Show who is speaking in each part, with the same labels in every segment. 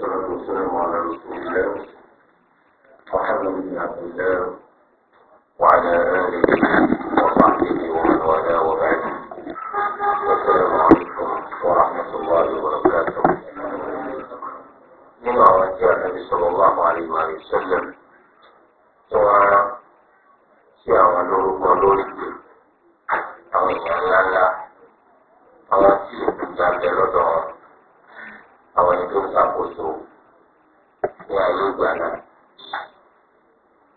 Speaker 1: والصلاة والسلام على رسول الله محمد بن عبد الله وعلى آله وصحبه ومن والاه وبعد السلام عليكم ورحمة الله وبركاته nínú àwọn tí ànábi sọlọ wà wàlí wàlí sẹlẹ tí
Speaker 2: wọn ṣe tó ń ṣàkóso ní ayé ìgbà náà.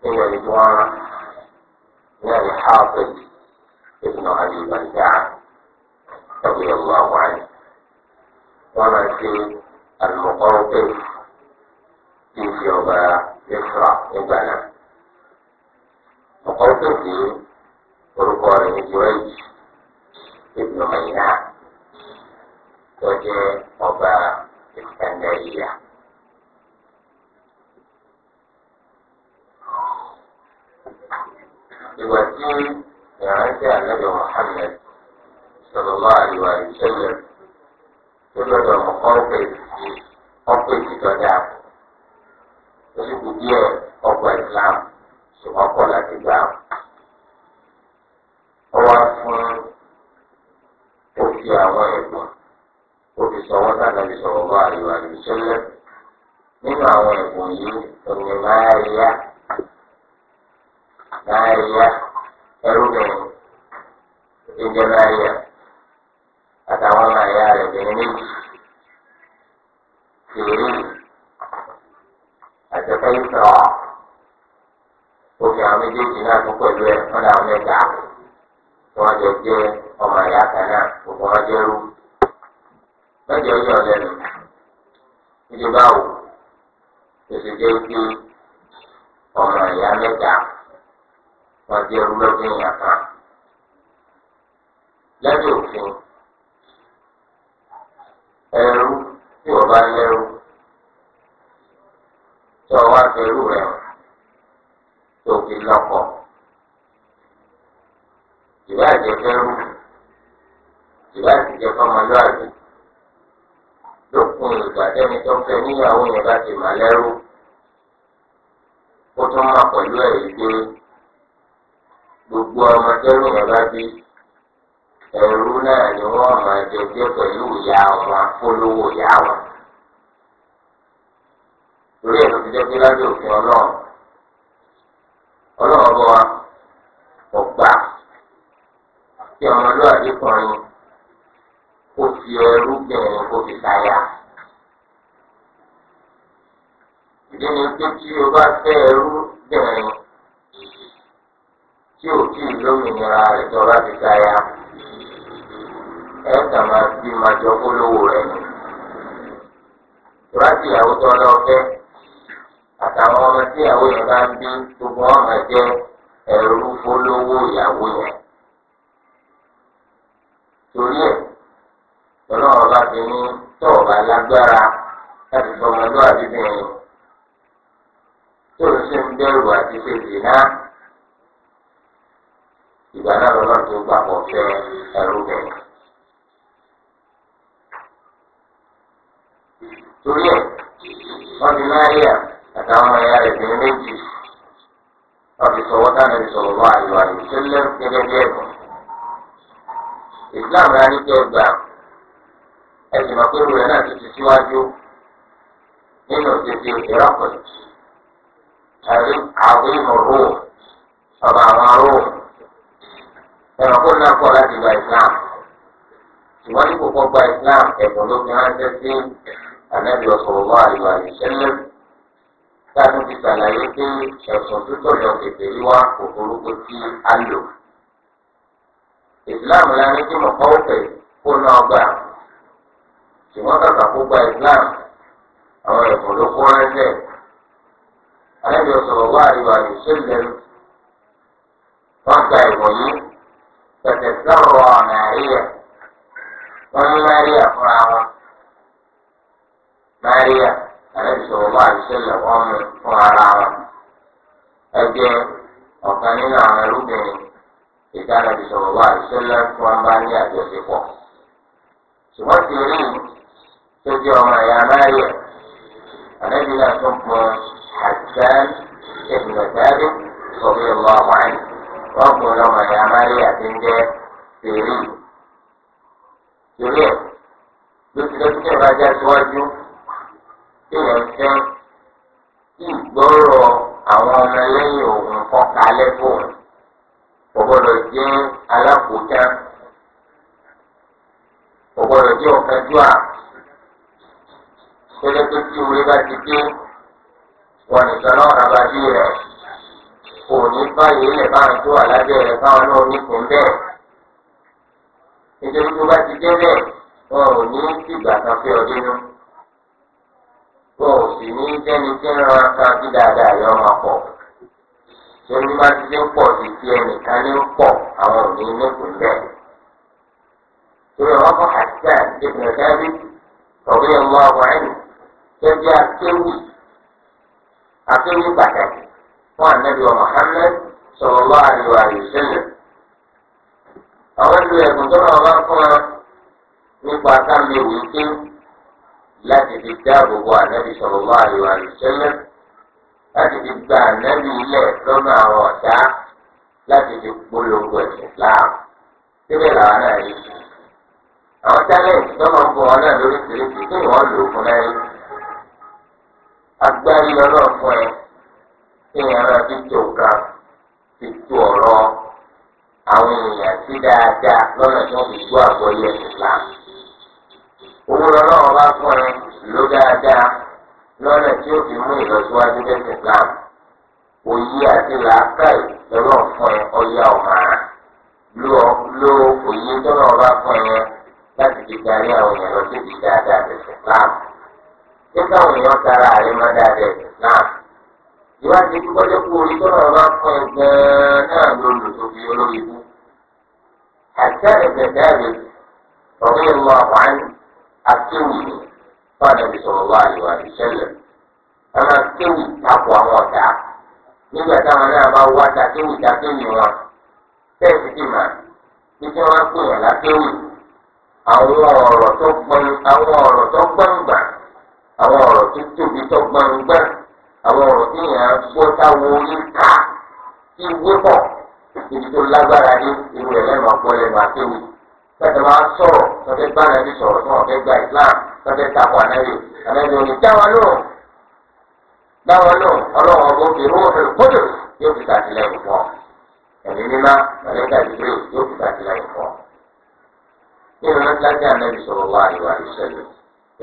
Speaker 2: Nígbà tí wọ́n ní àyè Harvard ibùdó àyè ìbàdà tàbí ọ̀gbọ́n àwọn àyè.
Speaker 1: Wọ́n máa ṣe àlùmọ̀kọ́rọ́ pé kí n fi ọba Mísírà nígbà náà. Ọ̀kọ́rọ́ pé kì orúkọ rẹ̀ ní Jùwẹ́jì ibùdó Mẹ́yìnà tó jẹ́ ọba. النارية الوسيم يعزى النبي محمد صلى الله عليه وسلم
Speaker 2: يبدو مقاومة ọpẹ ti dọdá
Speaker 1: olùkù díẹ̀ ọkọ islam ṣùgbọ́n kọ láti gbà ó wá fún òfin àwọn fi sọ̀wọ́ sànàbí sọ̀rọ̀ bá àríwá rẹ̀ sẹ́lẹ̀ nínú àwọn ẹ̀bùn yìí ẹ̀yìn máa yá máa yá ẹrú bẹ̀rẹ̀ ẹ̀jẹ̀ máa yá àtàwọn ọmọ ẹ̀yà rẹ̀ bẹ̀rẹ̀ méjì kéré àtẹ̀fẹ́ ìsọ̀rọ̀ òkè àwọn méjèèjì náà tó pẹ̀lú ẹ̀ wọ́n dà wọ́n mẹ́ta wọ́n jọ ọmọ ẹ̀yà kan náà gbogbo wọn jẹ́rú lọ́jọ́ ọjọ́ lẹ́nu ìjọba wò tètè jẹ́ pé ọmọ ìyá mẹ́ta wọ́n jẹ́ olóògbé èèyàn lẹ́yìn òfin ẹrú tí wọ́n bá lẹ́rú tí wọ́n wá fẹ́rù rẹ̀ tó fi lọ́kọ̀ ìbáàjẹ́ fẹ́rù ìbáàjẹ́ fọmọlúwàbí lópin ìgbà tẹ́ni tó fẹ́ níyàwó yẹn bá ti mà lẹ́rú kó tó má pẹ̀lú ẹ̀ yìí pé gbogbo ọmọ tẹ́rù yẹn bá bí ẹ̀rú náà ni wọ́n máa jẹjẹ pẹ̀lú ìyá wọn afọlọ́wọ́ ìyá wọn. torí ẹ̀ ló ti jẹ́ pé lábẹ́ òfin ọlọ́run ọlọ́run bọ́ wa ọ̀gbà kí ọmọlúwàbí kùnrin fi ẹrú bẹ̀rẹ̀ kó fi táyà. ìdí ni pé tí o bá fẹ́ ẹrú bẹ̀rẹ̀ tí o tí ì lómìnira rẹ̀ tó bá fi táyà ẹ kàn máa fi máa jọ kólówó rẹ̀ ni. ìwádìí ìyàwó tó lọ́fẹ́ àtàwọn ọmọ tí ìyàwó yẹn bá ń bí gbogbo wọn máa jẹ́ ẹrú fólówó ìyàwó yẹn. torí ẹ̀ ọmọlúwàbí ní tó o bá lágbára láti sọ ọmọlúwàbí bẹ́ẹ̀ tó o sì ń bẹ̀rù àti ṣe zìnà ìgbà náà lọ́nà tó gbà pọ̀ fẹ́ ẹrú bẹ́ẹ̀.
Speaker 2: torí ẹ̀ wọ́n ti máa yà
Speaker 1: àtàwọn ọmọ ẹ̀yà rẹ̀ bìnrin méjì wọ́n ti sọ wọ́tá náà ti sọ̀rọ̀ wọ́n àyọ̀ àyọ̀ tẹ́lẹ̀ gẹ́gẹ́ bí ẹ̀kọ́. ìsìláàmù rẹ̀ ní kí ẹ̀sìn máa pérò rẹ̀ náà ti ti síwájú nínú títí Heracles àrí àwọn ìmọ̀ró ọba àwọn aró ẹ̀rọ kó náà kọ́ láti gba Islam ṣùgbọ́n ní kókó gba Islam ẹ̀bùn ló fi ránṣẹ́ sí ànábì ọ̀sọ̀rọ̀wọ́ àríwá ìṣẹ́lẹ̀ táàbù ti ṣàlàyé pé ẹ̀sùn títọ̀ yọ kẹfẹ́ wá kòkòrò kó tí a Islam la kí mọ̀kọ́ òfẹ́ kó náà gbà ṣùgbọ́n kàkà kó gba Islam àwọn ẹ̀bùn ló kó ránṣẹ́ alẹ́bíọ̀ sọ̀rọ̀ wá àríwá ní sẹ́lẹ̀m wọ́n gba ẹ̀bùn yìí tẹ̀tẹ̀ sọ̀rọ̀ ọ̀nà àríyá wọ́n ní Máríà fúnra wọn Máríà alẹ́bíọ̀ sọ̀rọ̀ wá àríwá sẹ́lẹ̀m wọ́n mú fún ara wọn ẹgbẹ́ ọ̀kan nínú àwọn ẹrúbìnrin ìdánilẹ́bí sọ̀rọ̀ wá àríwá sẹ́lẹ̀m fún wọn bá ní àjọṣepọ̀ ṣùgbọ́n ti rí tó jẹ́ ọmọ ẹ̀yà amáyẹ ànábì náà tó ń pọ̀ Hassan ibn Thabit sọ̀rọ̀ ìlú àwọn àyè wọ́n pọ̀ lọ́mọ ẹ̀yà amáyẹ àti ń jẹ́ tèrí torí ẹ̀ ló ti lọ́sí ẹ̀rọ ajá síwájú tí wọ́n fẹ́ kí ìgbọ́rọ̀ àwọn ọmọ ẹlẹ́yìn òun kọ́ kalẹ̀ fún un jẹ́ alákòókè ọ̀gbọ́dọ̀ jẹ́ ọ̀kanjúà tẹ́lẹ̀ pé tí orí bá ti dé wọn nìkan náà rà bá dé rẹ̀ kò ní báyìí lè bá àwọn tó wà lábẹ́ rẹ̀ káwọn náà nípìn bẹ́ẹ̀ nítorí tó bá ti dé bẹ́ẹ̀ wọn ò ní dìgbà kan fẹ́ ọdún nù wọn ò sì ní jẹ́ni tí ń ran kan bí dáadáa yọ ọmọ pọ̀ torí bá ti dé pọ̀ sí ti ẹnìkan ní pọ̀ àwọn ò ní nípìn bẹ́ẹ̀ torí wọn kọ́ àti sáà ìdìbò dábì ọ̀gbìn ọmọ àwọn ẹ̀yìn. gẹ́gẹ́ akéwì akéwì pàtàkì fún anabi wa Muhammad sallallahu alaihi wa àwọn tó náà fún wa nípa láti anabi láti fi anabi àwọn láti fi síbẹ̀ làwọn náà yìí. àwọn tálẹ̀ǹtì tó máa náà lórí tìrìtì kí wọ́n lò fún náà yìí. agbárí lọ́nà fún ẹ kí ni ara fi tó ga fi tó ọ̀rọ̀ àwọn èèyàn sí dáadáa lọ́nà tí wọ́n fi tó àgbọ̀yé Islam. owó lọ́nà ọba fún ẹ ló dáadáa lọ́nà tí ó fi mú ìlọsíwájú bẹ́ẹ̀ Islam. òye àti làákàyè lọ́nà fún ẹ ọ̀yà ọ̀màrà lo òye tọ́nà ọba fún ẹ láti fi darí àwọn èèyàn lọ sí ibi dáadáa bẹ́ẹ̀ Islam. nígbà wọn èèyàn tara àrẹ máa dáadáa náà ìwádìí gbọ́dọ̀ kú orí tó náà bá fún ẹ gan náà lóru tó fi olórí àti àwọn akéwì ni akéwì takò àwọn ọ̀dà nígbà táwọn náà bá wá wọn ti mà kí wọ́n pè wọ́n àwọn ọ̀rọ̀ tó gbọ́n àwọn ọ̀rọ̀ tó gbọ́n àwọn ọ̀rọ̀ tó tóbi tó gbangba àwọn ọ̀rọ̀ tí yẹn gbọ́ táwọn orí ká tí wé pọ̀ ibi tó lágbára ní irú rẹ̀ lẹ́nu ọ̀gbọ́n lẹ́nu àkéwì tọ́tẹ̀ máa ń sọ̀rọ̀ tọ́tẹ̀ bá nàbí sọ̀rọ̀ tí wọ́n fẹ́ gba Islam tọ́tẹ̀ takò ànábì ànábì òní dáwọn lóhùn dáwọn lóhùn ọlọ́run ọgbọ́n fi róòhùn kódò yóò fi ṣàtìlẹ́yìn fún ọ ẹ̀mí mímá mọ̀lẹ́kà ìdílé yóò fi ṣàtìlẹ́yìn fún ọ. nínú mẹ́tíláṣí ànábì sọ̀rọ̀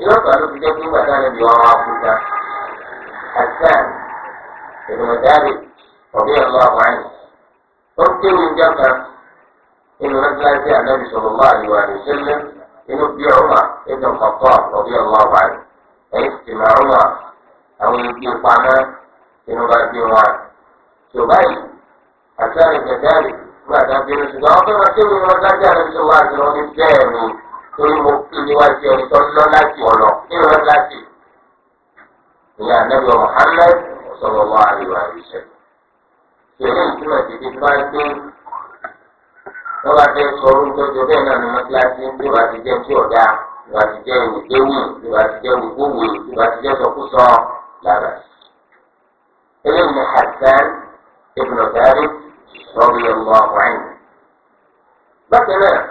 Speaker 1: ìlú ọ̀pá fi jẹ́ pé wàdà rẹ̀ bí ọ̀rọ̀ àbújá hasan ìdùnnàdàrí ọ̀bí ọ̀lọ́ àwáyé ó ń kéwì ń jáka inú mẹ́tíláṣí ànábì sọ̀rọ̀ bá àyùwà rẹ̀ sílẹ̀ inú bí ọ̀rọ̀ ìdù kọ̀tọ̀ ọ̀bí ọ̀lọ́ àwáyé ẹ̀yìn sì máa àwọn inú bá wọn. torí mo kí níwájú ẹni tó lọ láti ọ̀nà nínú láti ìyá anábìá Muhammad sallallahu alaihi wasallam. ìṣẹ̀lẹ̀ ìtumọ̀ títí bá gbé wọ́n bá fẹ́ sọ orúkọ jọ bẹ́ẹ̀ náà ní mọ́tíláṣí bí wàá ti jẹ́ tí ọ̀dà bí wàá ti jẹ́ ìwéwì bí wàá ti jẹ́ ìwéwì bí wàá ti jẹ́ sọkúsọ lára. eléyìí ni Hasan ibn Thabit radiyallahu anhu. bákan náà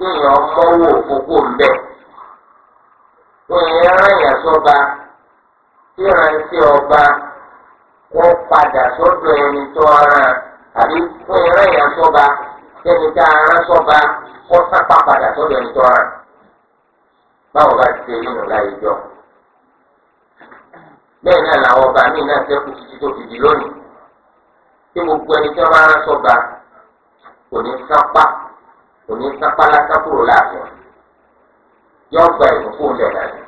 Speaker 1: kéèyàn mọ́wó òkókó mbẹ èèyàn ráyà sọ́ba tí ọba kó padà sọ́dọ̀ ẹni tó ara àbí fún ìráyà sọ́ba kẹ́ni tá ara rán kó sápá padà ẹni tó ara báwo bá ti ṣe láyé ọba míì náà títí tó lónìí kò ní sápá lásán kúrò láàfin yọ gba ìbùkún olè dàdí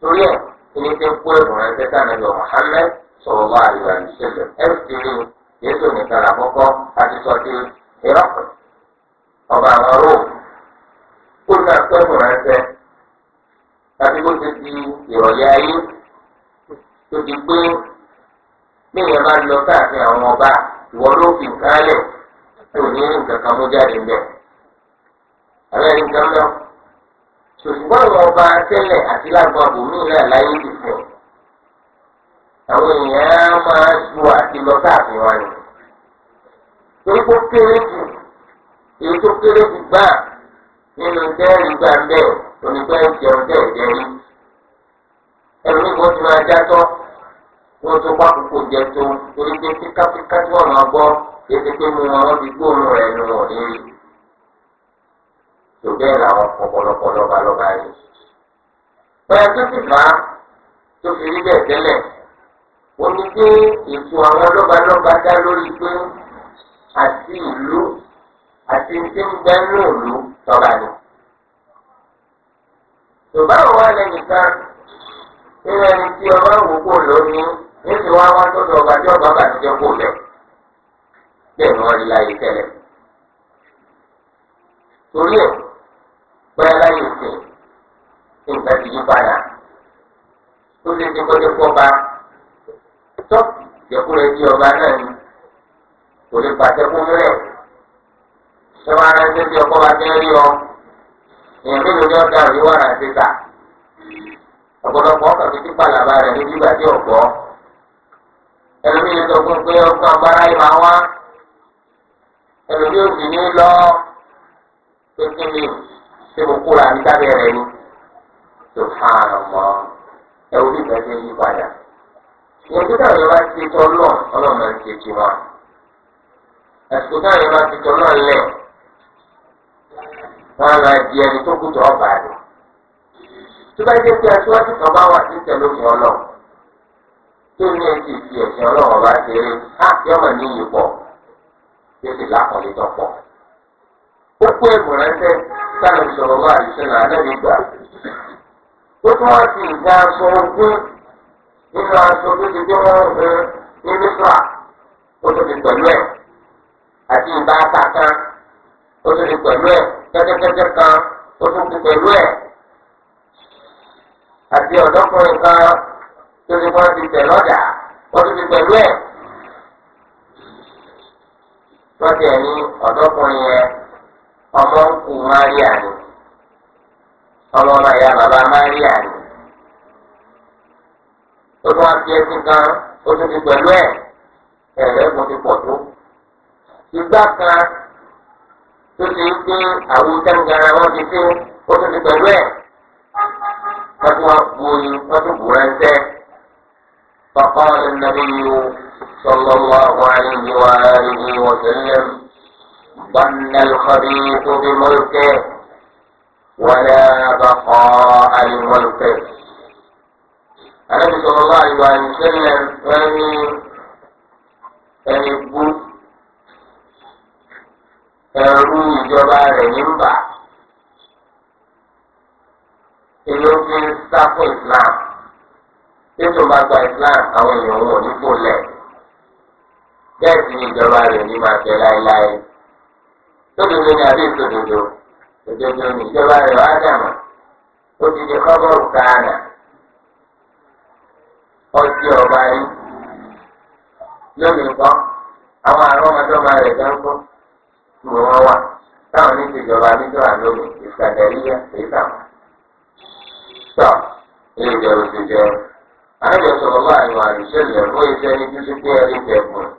Speaker 1: torí ẹ kíni tí ń kó ẹ̀bùn ránṣẹ́ sànàbí Muhammad sọ̀rọ̀ wá àríwá ìṣẹ̀lẹ̀ ẹ̀ sì rí yéésù nìkan àkọ́kọ́ àti sọ́dí ìrọ́pẹ̀ ọba àwọn róò kó ní àkọ́ ẹ̀bùn ránṣẹ́ tàbí bó ti di ìrọ̀lẹ́ ayé tó ti pé bí ìyẹn bá lọ káàkiri àwọn ọba ìwọ ló fi nǹkan lẹ̀. tó ní nǹkan kan mú jáde ń bẹ̀. Àbẹ́rẹ́ nǹkan náà. Ṣùgbọ́n àwọn ọba tẹ́lẹ̀ àti lágbọ́n àbòmí náà láyé ti sìn. Àwọn èèyàn máa ju àti lọ sáàfin wọn ni. Torí kó kéré jù, èyí tó kéré jù gbà nínú dẹ́rì gbà ń bẹ̀ onígbà Ẹ̀rù máa já tọ́, kéde pé mo wọn ti gbóòórùn rẹ nu wọn nírí tó bẹ́ẹ̀ làwọn ọ̀pọ̀lọpọ̀ lọ́ba lọ́ba rí. bẹ́ẹ̀ tó sì máa tó fi rí bẹ́ẹ̀ tẹ́lẹ̀ ó ní pé ètò àwọn lọ́ba lọ́ba dá lórí pé àti ìlú àti ti ń bẹ́ nù ìlú tọ́ba ni. tòbá òun alẹ́nìkan nínú ẹni tí ọba òwò kò lónìí ní ti wá wá tó dọ̀gba tí ọba kó lẹ̀ bẹ́ẹ̀ ni wọ́n rí láyé tẹ́lẹ̀. torí ẹ̀ bóyá láyé sìn nǹkan ti yí padà tó lè ti kọ́jọ́ pọ́ba tó ìjẹkúrẹ́ di ọba náà ni kò lè pàṣẹ fún mẹ́rẹ̀ ṣọwọ́ ara ẹsẹ̀ tí ọkọ̀ bá fẹ́ rí ọ èèyàn mélòó ni ọ̀dà òní wà láti ta ọ̀pọ̀lọpọ̀ ọkọ̀ fi ti pàlàbà rẹ̀ níbi ìgbà tí ọ̀gbọ́ ẹlòmíràn sọ fún pé ọkọ̀ agbára yìí máa wá ẹlòmí ò sì ní lọ pépé mi ṣe mo kóra ní sábẹ́ rẹ ni tó hàn mọ́ ẹ̀rù bí ìgbàgbé yí padà ìyẹn tó táwọn yẹn bá ti tọ́ lọ ọlọ́run máa ń ṣe ti wọn àsìkò táwọn yẹn bá ti tọ́ lọ lẹ̀ wọn lọ di ẹni tó kú tọ́ ọba rẹ̀ tó bá jẹ́ pé aṣíwájú kan bá wà sí tẹ̀lé òfin ọlọ́run tó ní ẹtì ìfi ẹ̀sìn ọlọ́run ọba ṣeré á yọmọ ní iyì tí ó sì lápọ̀lé tọ̀pọ̀. ó kó ẹ̀bùn ránṣẹ́ sálẹ̀ sọ̀rọ̀ wá àdìsọ́nà gbà. ó tún wá sí ìgbà aṣọ ogún nínú aṣọ tó ti gbé wọn hun ní mísírà ó tún ti pẹ̀lú ẹ̀ àti ìgbà ata kan ó ti pẹ̀lú ẹ̀ kẹ́kẹ́kẹ́kẹ́ kan ó tún ti pẹ̀lú ẹ̀ àti ọ̀dọ́kùnrin kan tó ti kọ́ ti tẹ̀ lọ́jà ó tún ti pẹ̀lú ẹ̀ lọ́tì ẹ̀ ní ọ̀dọ́kùnrin yẹn ọmọ ń kú Maria ni ọmọ ọmọ ìyá bàbá Maria ni ó tún wá fi ẹsìn kan ó tún fi pẹ̀lú ẹ̀ ẹ̀rẹ́gùn ti pọ̀ tó ìgbà kan tó ti ń pín àwọn ìtẹ́nugara wọn ti sí ó tún fi pẹ̀lú ẹ̀ wọ́n tún wá bu oyin wọ́n tún bu rẹ́ńtẹ́ kọ̀ọ̀kan lẹ́nu nàbí yìí o. صلى الله عليه وآله وسلم ظن الخبيث بملكه ولا بقاء لملكه النبي صلى الله عليه وآله وسلم يعني يعني ẹrú ìjọba rẹ̀ nígbà ìlú fi ń sá Islam tí tó bá gba Islam àwọn èèyàn wọn ò ní kó lẹ̀. bẹ́ẹ̀ sì ni ìjọba rẹ̀ ní máa tẹ láéláé tódodo ni àbí òdodo ìjọba rẹ̀ wá dàmà kọ́bọ̀rù ọtí ọba àwọn rẹ̀ wà táwọn ní ìjọba tọ́ ilé ìjọba àwọn ìjọba sọ̀rọ̀ láàrin fún pé ẹni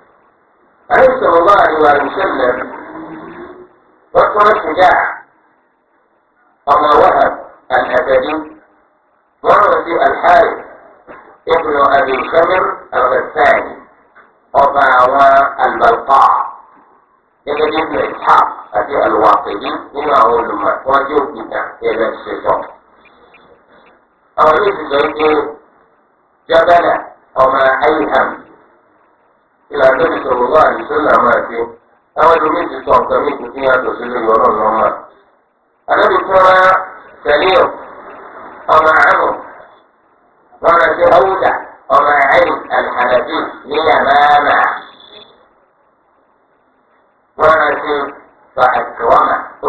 Speaker 1: عليه صلى الله عليه وسلم وقت الشجاع أما وهب الهددي وعرض الحارث ابن أبي شمر الغفاني وضعوا البلقاع لقد ابن إسحاق أبي الواقدي إلى أقول لما توجه بنا إلى الشيطان أريد جبل وما أيهم ìlànà ìṣòro wà àdìsọ́là máa ṣe àwọn ẹlòmíì ti sọ nǹkan mí tuntun sí lórí ọlọ́run náà máa. àdébí fúnra tẹ̀líọ̀ ọmọ àmọ̀ wọn ṣe ọwúdà ọmọ àyìn àdàbí ní àmàmà wọn máa ṣe fàtìwọ́mà ó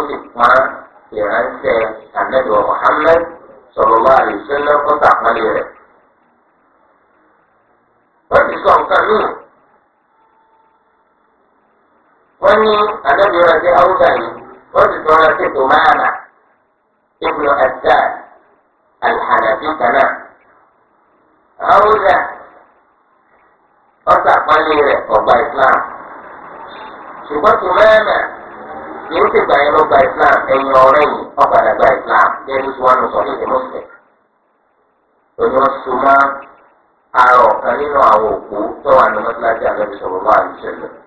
Speaker 1: sì àmẹ́dọ̀ kọ́tà pálí rẹ̀. wọ́n ti sọ nǹkan wani ní anábì ọ̀rọ̀ sí haúsá yìí wọ́n sì tọrọ sí tòmáàmà ibùdó ẹ̀dá alhànàbí kanáà ọgbà islam ṣùgbọ́n tòmáàmà yìí ti gbà yín lọ́gbà islam ẹ̀yìn ọ̀rẹ́ yìí islam sọ òní súnmọ́ kan nínú àwọn òkú tó wà ní mọ́tíláṣí àgbẹ̀bí sọ̀rọ̀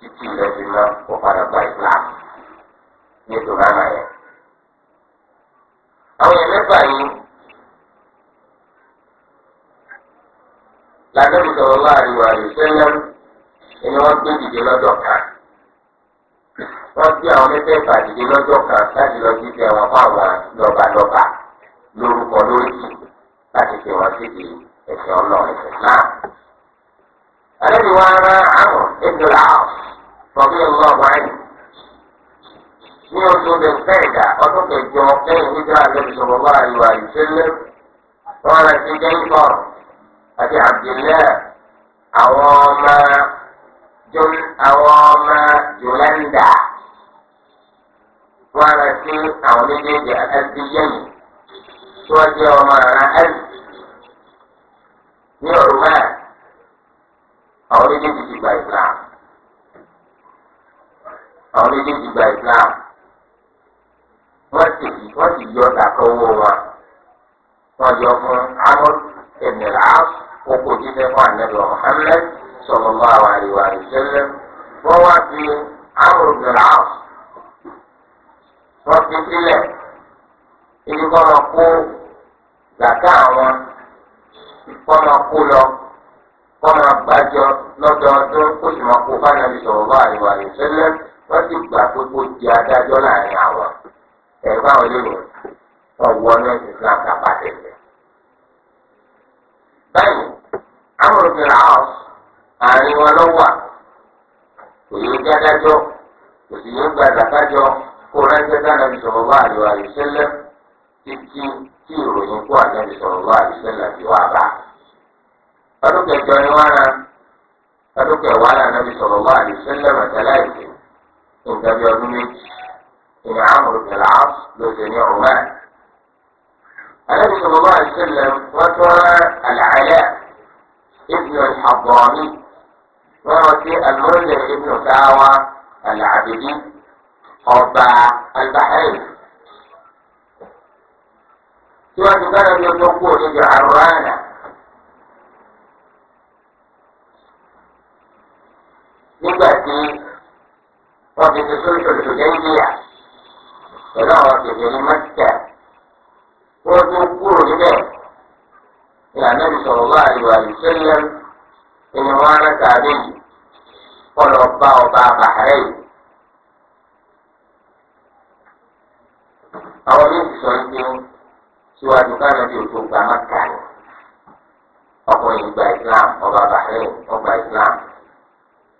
Speaker 1: títí rẹ̀ fi mọ́ kó padà gba ìsìlámù nítorí àná yẹn. àwọn yẹn mẹ́fà yìí lànàbí sọ̀rọ̀ láàrin àrùn sẹ́lẹ̀m ni wọ́n gbé dìde lọ́jọ́ kan wọ́n gbé àwọn mẹ́fẹ̀ẹ̀fà dìde lọ́jọ́ kan láti lọ sí ẹ̀wọ̀n fáwọn lọ́balọ́ba lórúkọ lóríkì láti fi wọn síbi ẹ̀sìn ọlọ́run ẹ̀sìn náà. àlẹ́ mi wá rán àwọn rọ̀bí ọlọ́ wáyé ní ọdún lè fẹ́ ìdá ọdún kẹjọ lẹ́yìn nígbà lẹ́yìn sọ̀rọ̀ bá àyùwà ìṣẹ́lẹ̀ wọn rẹ̀ ti gẹ́ńkọ̀ àti àbdìlẹ́ àwọn ọmọ àwọn ọmọ jùlẹ́ńdà wọn rẹ̀ sí àwọn méjèèjì ẹ̀sìn yẹ́yìn tí wọ́n jẹ́ ọmọ ara ẹ̀sìn ní ọ̀rùn mẹ́rin àwọn méjèèjì ti gba ìgbà àwọn méjèèjì gba islam wọ́n sì wọ́n sì yọ dàkọwọ wọn wọ́n yọ fún amọd ẹnìlá oko jíjẹ fún anabi muhammed sallallahu alaihi wa sallam wọ́n wá fi amọd ẹnìlá wọ́n fi sílẹ̀ ibi kọ́ lọ kó gàtà àwọn kọ́ lọ kó lọ kọ́ lọ gbàjọ lọ́dọọdún kó sì máa kó bá nàbì sallallahu alaihi wa sallam. wọ́n sì gbà pé kó di adájọ́ láàrin àwọn ẹ̀gbọ́n àwọn ilé wọ́n wọ ọ́nà islam kápá tẹ̀lé. báyìí àwọn òfin house àárín wọn lọ kò yóò di adájọ́ kò sì yóò gba àdàkájọ́ kó dáná sọ̀rọ̀ títí tí ìròyìn kó sọ̀rọ̀ wá bá. ọdún kẹjọ ni ọdún kẹwàá sọ̀rọ̀ nǹkan bí ọdún méjì ìní àmúrò ìlà ló ṣe ní ọ̀rọ̀ mẹ́rin. Àlẹ́ ìṣòro bá ìṣẹ̀lẹ̀ wọ́n tún rán àlàyé ابن الحضرمي ورثي المنذر ابن ساوى العبدي أربع البحرين سوى كان يطلقوا ابن عرانة
Speaker 2: nígbà tí
Speaker 1: wọ́n fi ti sórí tòlùtò déńdíyà pẹ̀lú àwọn kèfèrí mẹ́tẹ̀. wọ́n tó kúrò níbẹ̀ ní ànábì sọ̀rọ̀ bá àríwá ìṣẹ̀lẹ̀ ìní wọn rẹ́ta àbẹ́yì kọlọ̀ bá ọba bàárẹ̀ yìí. àwọn méjì sọ pé síwájú káàdì òtò gba mẹ́ta ọkùnrin gba Islam ọba bàárẹ̀ ọgbà Islam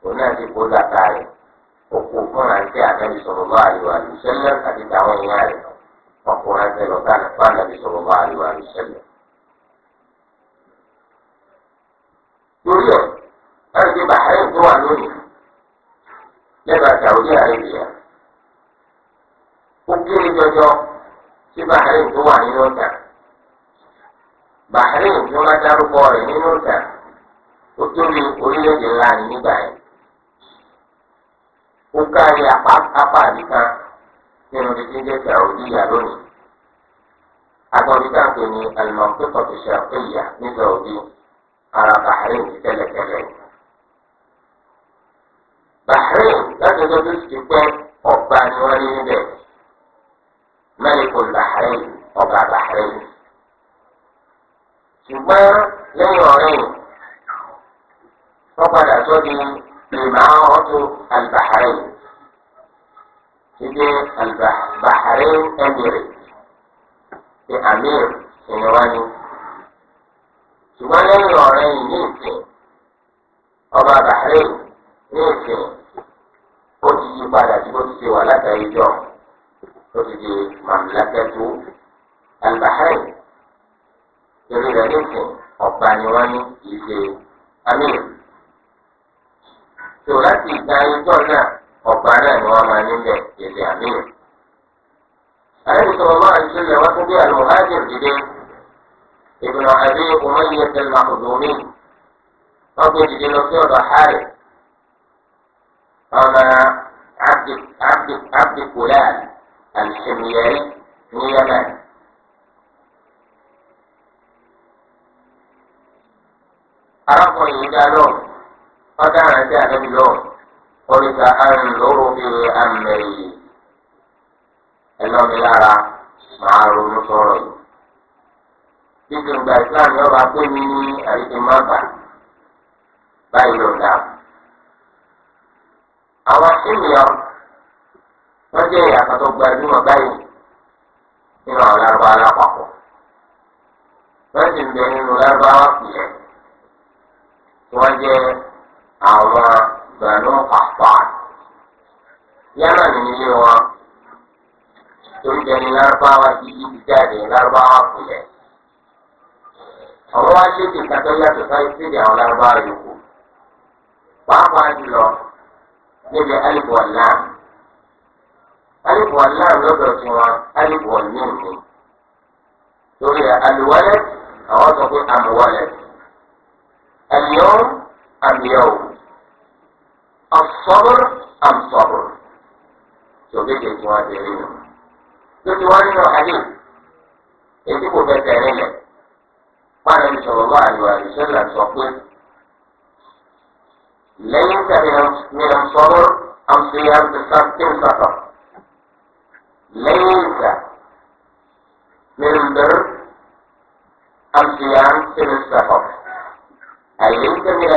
Speaker 1: òun náà ti kó dàkà rẹ̀. òkú fún àti ànábi sọ̀rọ̀ bá àríwá àlùsẹ́lẹ̀ àti tàwọn èèyàn rẹ̀ ọkùnrin àti ẹ̀lọ́ta nípa ànábi sọ̀rọ̀ bá àríwá àlùsẹ́lẹ̀. torí ẹ̀ láti fi bàárẹ̀ tó wà lónìí lẹ́bàá sàwùdí àrẹ́bíà ó kéré jọjọ sí bàárẹ̀ tó wà nínú bàárẹ̀ tó dárúkọ rẹ̀ nínú ó tóbi orílẹ̀-èdè ńlá ó kárí apá àdìkan nínú títí jẹ́ sàròdì ìyá lónìí. agbọ̀nbí táǹkì ni alimọ̀kẹ́kọ̀ọ́ ti ṣàpéyà ní sàròdì ara bahrain ti tẹ́lẹ̀tẹ́lẹ̀. bahrain láti ọjọ́ tó ti pẹ́ ọba ni wọ́n rí níbẹ̀ mẹ́lẹ̀kùn bahrain ọba bahrain. ṣùgbọ́n lẹ́yìn ọ̀rẹ́yìn wọ́n padà sọ́ di ìmọ̀-ọ́tò albaḥrain ìdí albaḥrain emirate ti amir ìníwájú ṣùgbọ́n lẹ́yìn ọ̀rẹ́ yìí ní ìsìn ọba bahrain ní ìsìn ó ti yí padà tí ó ti tó láti ìgbà ẹjọ́ náà ọ̀gbà náà ni wọ́n máa nílẹ̀ èdè àmínú. àyẹ̀wò sọ̀rọ̀ máa ń ṣe lẹ́wọ́n tó bí àlùmọ́hájì dìde ìbùnà àbí òmìnir ẹ̀sẹ̀ màkùdùmí wọ́n gbé dìde lọ sí ọ̀dọ̀ hàrẹ̀ ọmọ abdulkulá alṣemiyẹri ní yemen. arákùnrin yìí dá lóhùn ọ̀daràn tí ànábì lọ oríta àrùn lóró fi àmì ẹ̀yìn ẹlọ́mi lára màá ronú sọ̀rọ̀ yìí. títí ìgbà islam yọba pé ní àríkè má bà báyìí ló dà. àwọn ènìyàn wọ́n jẹ́ ìyàtọ̀ tó gbajúmọ̀ báyìí nínú àwọn lárúbáwá lápapọ̀. wọ́n sì ń bẹ nínú lárúbáwá pìlẹ̀ tí wọ́n jẹ́ àwọn bẹ̀rù pàpà yánà ní ilé wọn torí bẹni lárúbáwá ti yí ti jáde lárúbáwá kulẹ̀ àwọn alédè kàtó yàtọ̀ sáyé sídìí àwọn lárúbáwá yòókù pàápàá jùlọ níbi alifu alam alifu alam lọ́dọ̀ tí wọn alifu ọ̀nìm ni torí aluwalẹ̀ àwọn sọ pé ẹ̀yọ́ àmì àǹsọ̀rọ̀ àǹsọ̀rọ̀ tó kéde tí wọ́n ti rí nù. tó ti wá nínú ayé èyí kò fẹsẹ̀ rinlẹ̀ pàrọ̀ ìṣòro bá àlùwà ìṣẹ̀lẹ̀ sọ pé lẹ́yìn tàbí àǹsọ̀rọ̀ àǹsọ̀rọ̀ àǹsọ̀rọ̀ lẹ́yìn ìgbà mìíràn àǹsọ̀rọ̀ àǹsọ̀rọ̀ àyè ń tẹ̀lé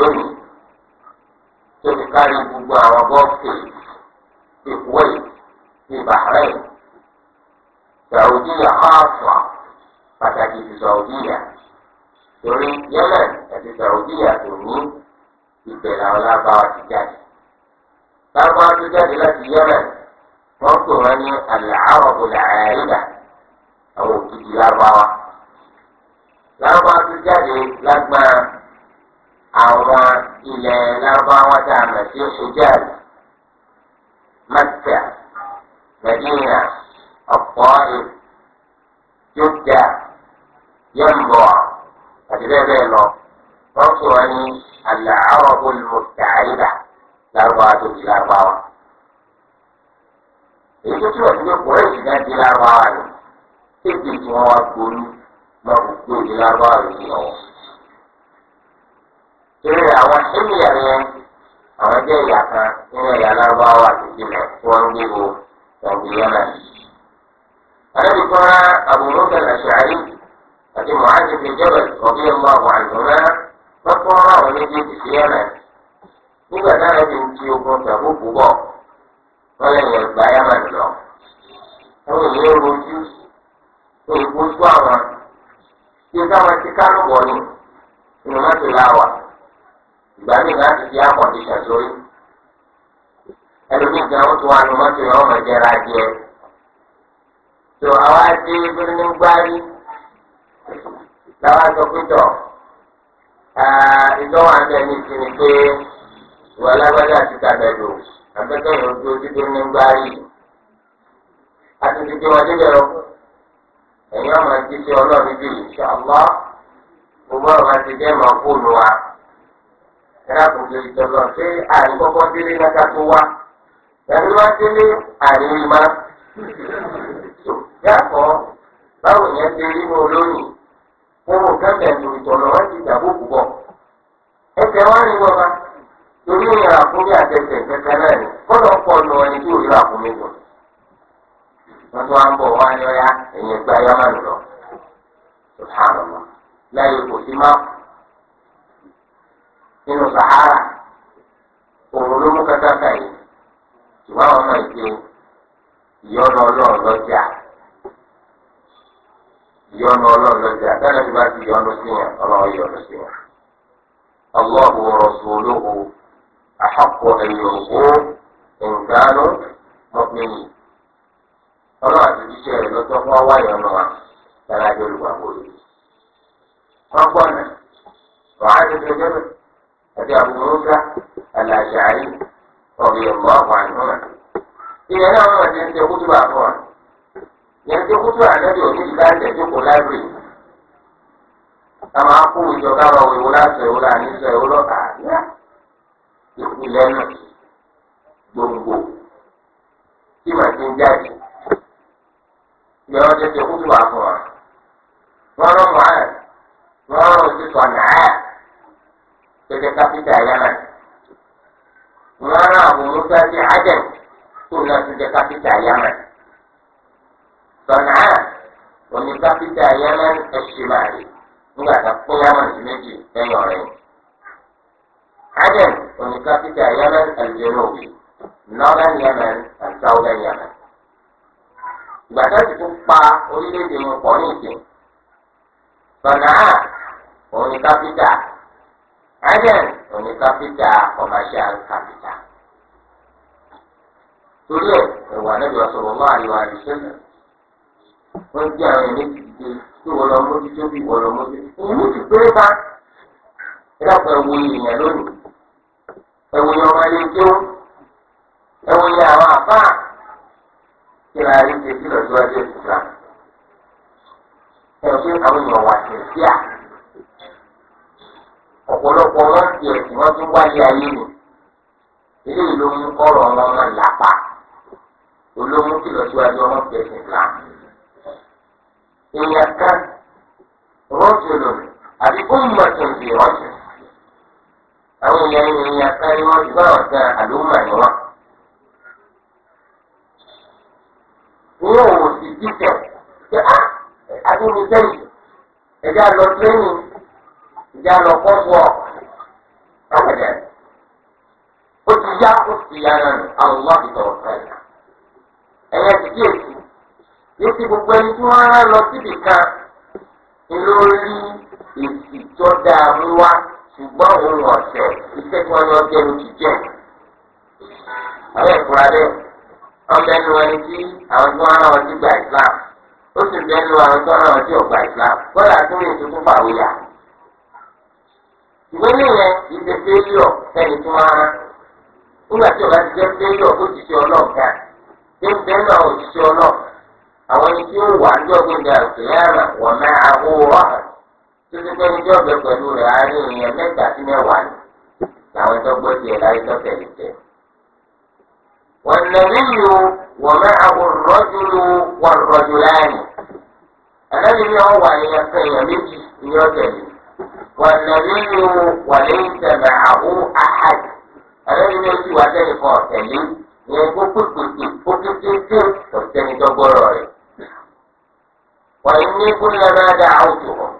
Speaker 1: lónìí tó fi kárí gbogbo àwọn gọ́ọ̀fì ti ti Bahrain Saudiya hafa pàtàkì ti Saudiya torí Yemen àti Saudiya tó ní ìbẹ̀rẹ̀ àwọn lábáwá ti jáde lábáwá tó jáde láti Yemen wọ́n pè wọ́n ní al-Arabu al-Aarida àwọn òkìkí lábáwá lábáwá tó jáde lágbára àwọn ilẹ̀ lárúbáwá tá a mọ̀ sí Hijaz Mẹ́kà Mẹ́dínà Al-Taif Jeddah Yanbu' àti bẹ́ẹ̀ bẹ́ẹ̀ lọ wọ́n sọ wọn ní al-Arabu al-Musta'riba lárúbáwá tó di lárúbáwá èyí tó túbọ̀ sílẹ̀ kọ́ èyí náà di lárúbáwá ni kéde tí wọ́n wá gbóni lọ́kùnkùn di lárúbáwá yìí lọ́wọ́. irú àwọn ìmìyà yẹn àwọn jẹ́ ìyá kan nínú ìyá lárúbáwá ìbílẹ̀ tí wọ́n ń gbé wo ẹ̀ǹdí yẹn الذي قال أبو موسى الأشعري أتي معاذ بن جبل رضي الله عنهما فقال ومن جيد اليمن nígbà táwọn ń ti ogun tàbí púpọ̀ wọ́n lè lọ. rojú àwọn ti ìgbà míì láti fi akọ̀ndíṣà sórí ẹlòmíì gan ó tún wà ní mọ́tò yẹn ọmọ ìjẹra jẹ tó àwa dé Birnin Gwari làwa sọ pé tọ̀ ìjọba àti ẹni ti ni pé ìwà alágbádá ti tàbẹ̀ lò àbẹ́kẹ́ yẹn ojú ojú Birnin Gwari àti ti gbé wọn débẹ̀ lọ ẹ̀yin ọmọ ìdíje ọlọ́ọ̀ni bíi ṣàlọ́ gbogbo ọ̀rọ̀ àti jẹ́ mọ̀ fóònù wa ẹ̀rọ kò lè tọ̀lọ̀ ṣé àrùn kọ́kọ́ délé lọ́ta tó wá ìyàtọ̀ wá délé àrùn ìmá. yàtọ̀ báwo yẹn ti rí mọ́ lónìí. abẹ́dẹ̀ ó ti yá kó ti yá náà nù ti tọ̀wọ̀ fẹ́ yìí ẹ̀yẹ ti kí èsì yìí gbogbo ẹni tí wọ́n rán lọ síbi kan lórí èsì tó dáa mú wá ṣùgbọ́n òun ọ̀sẹ̀ iṣẹ́ tí wọ́n yọ jẹ́ ló ti jẹ́ ìfura nu ẹni tí àwọn tí wọ́n sí gba ìsìlámù ó sì bẹ́ẹ̀ àwọn tí wọ́n sí ìsìlámù kọ́lá tó lè fàwé ṣùgbọ́n ní ìyẹn ìṣe fẹ́líọ̀ ẹni tí wọ́n rán nígbà tí ọba ti jẹ́ fẹ́líọ̀ ó ti ṣe ọlọ́ọ̀gá ṣé ń bẹ́ẹ̀ náà ti ṣe ọlọ́ọ̀gá àwọn ẹni tí ó wà ní tó ti pẹ́ ní ọ̀gbẹ́ pẹ̀lú rẹ̀ àárín ìyẹn mẹ́ta sí mẹ́wàá ni làwọn ẹjọ́ gbọ́ والنبي وليس معه أحد الذي يأتي وذلك قاتل يقول كل كل فاستند براري وإني كلما دعوتهم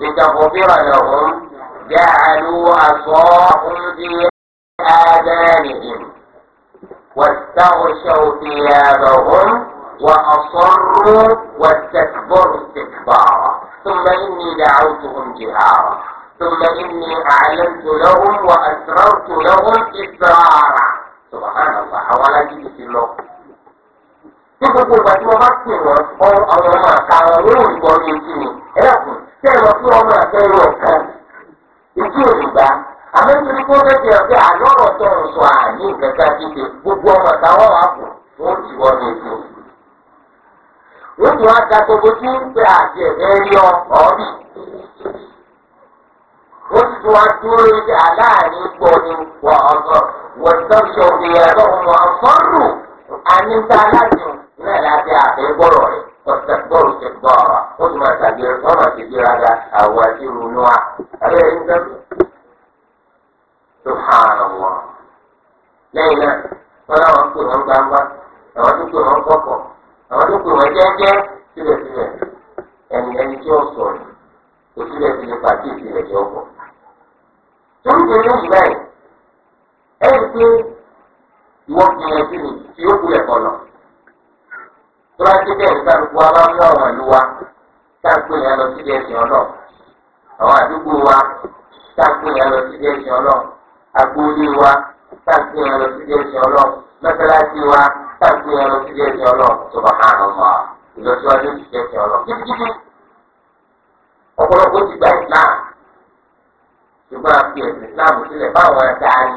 Speaker 1: لتغفر لهم جعلوا أصواهم في آذانهم واستغشوا ثيابهم وأصروا واستكبروا استكبارا ثم إني دعوتهم جهارا ثم إني أعلنت لهم وأسررت لهم إسرارا سبحان الله حوالا جيدي في اللغة ní gbogbo ìgbà tí mo bá pè wọn ọrùn àwọn ọmọ àta ètò àdàgbogbo tí ń pè àjẹ ẹ̀rí ọ̀ọ́rì ó sì anyị wá dúró ọzọ aláàárín pọ̀ ní wà ọ̀gọ̀ wọ̀tọ́ ṣòwò ẹ̀rọ ọmọ ọ̀fọ́rù àníta
Speaker 2: aládùn náà láti àbẹ̀ gbọ́rọ̀
Speaker 1: rẹ̀ bụ gbọ́rọ̀ ṣe àwọn tó pè wọ́n jẹ́jẹ́ síbẹ̀síbẹ̀ ẹni ẹni tí ó sọ ni kò síbẹ̀síbẹ̀ pàtí ìsìlẹ̀ tí ó pọ̀. torí pé lẹ́yìn báyìí ẹni pé ìwọ́n gbìyànjú ni tí ó kúrẹ̀ kọ́ lọ. tó bá ti bẹ́ẹ̀ kálukú wa máa ń mú ìlú wa táàpù yẹn lọ síbi ẹ̀sìn ọlọ́ àwọn àdúgbò wa táàpù yẹn lọ síbi ẹ̀sìn ọlọ́ àgbóyè wa táàpù yẹn lọ síbi ẹ̀sìn ọlọ́ mẹ́tẹ́lá káàgbé ọ̀rọ̀ sí ilé ẹjọ́ ọlọ́run tó bá hàn án wà ìlọsíwájú sí ilé ẹjọ́ ọlọ́run gidigidi ọ̀pọ̀lọpọ̀ ti gba islam ṣùgbọ́n àfi ẹ̀sìn islam sílẹ̀ báwọn ẹ̀ka ni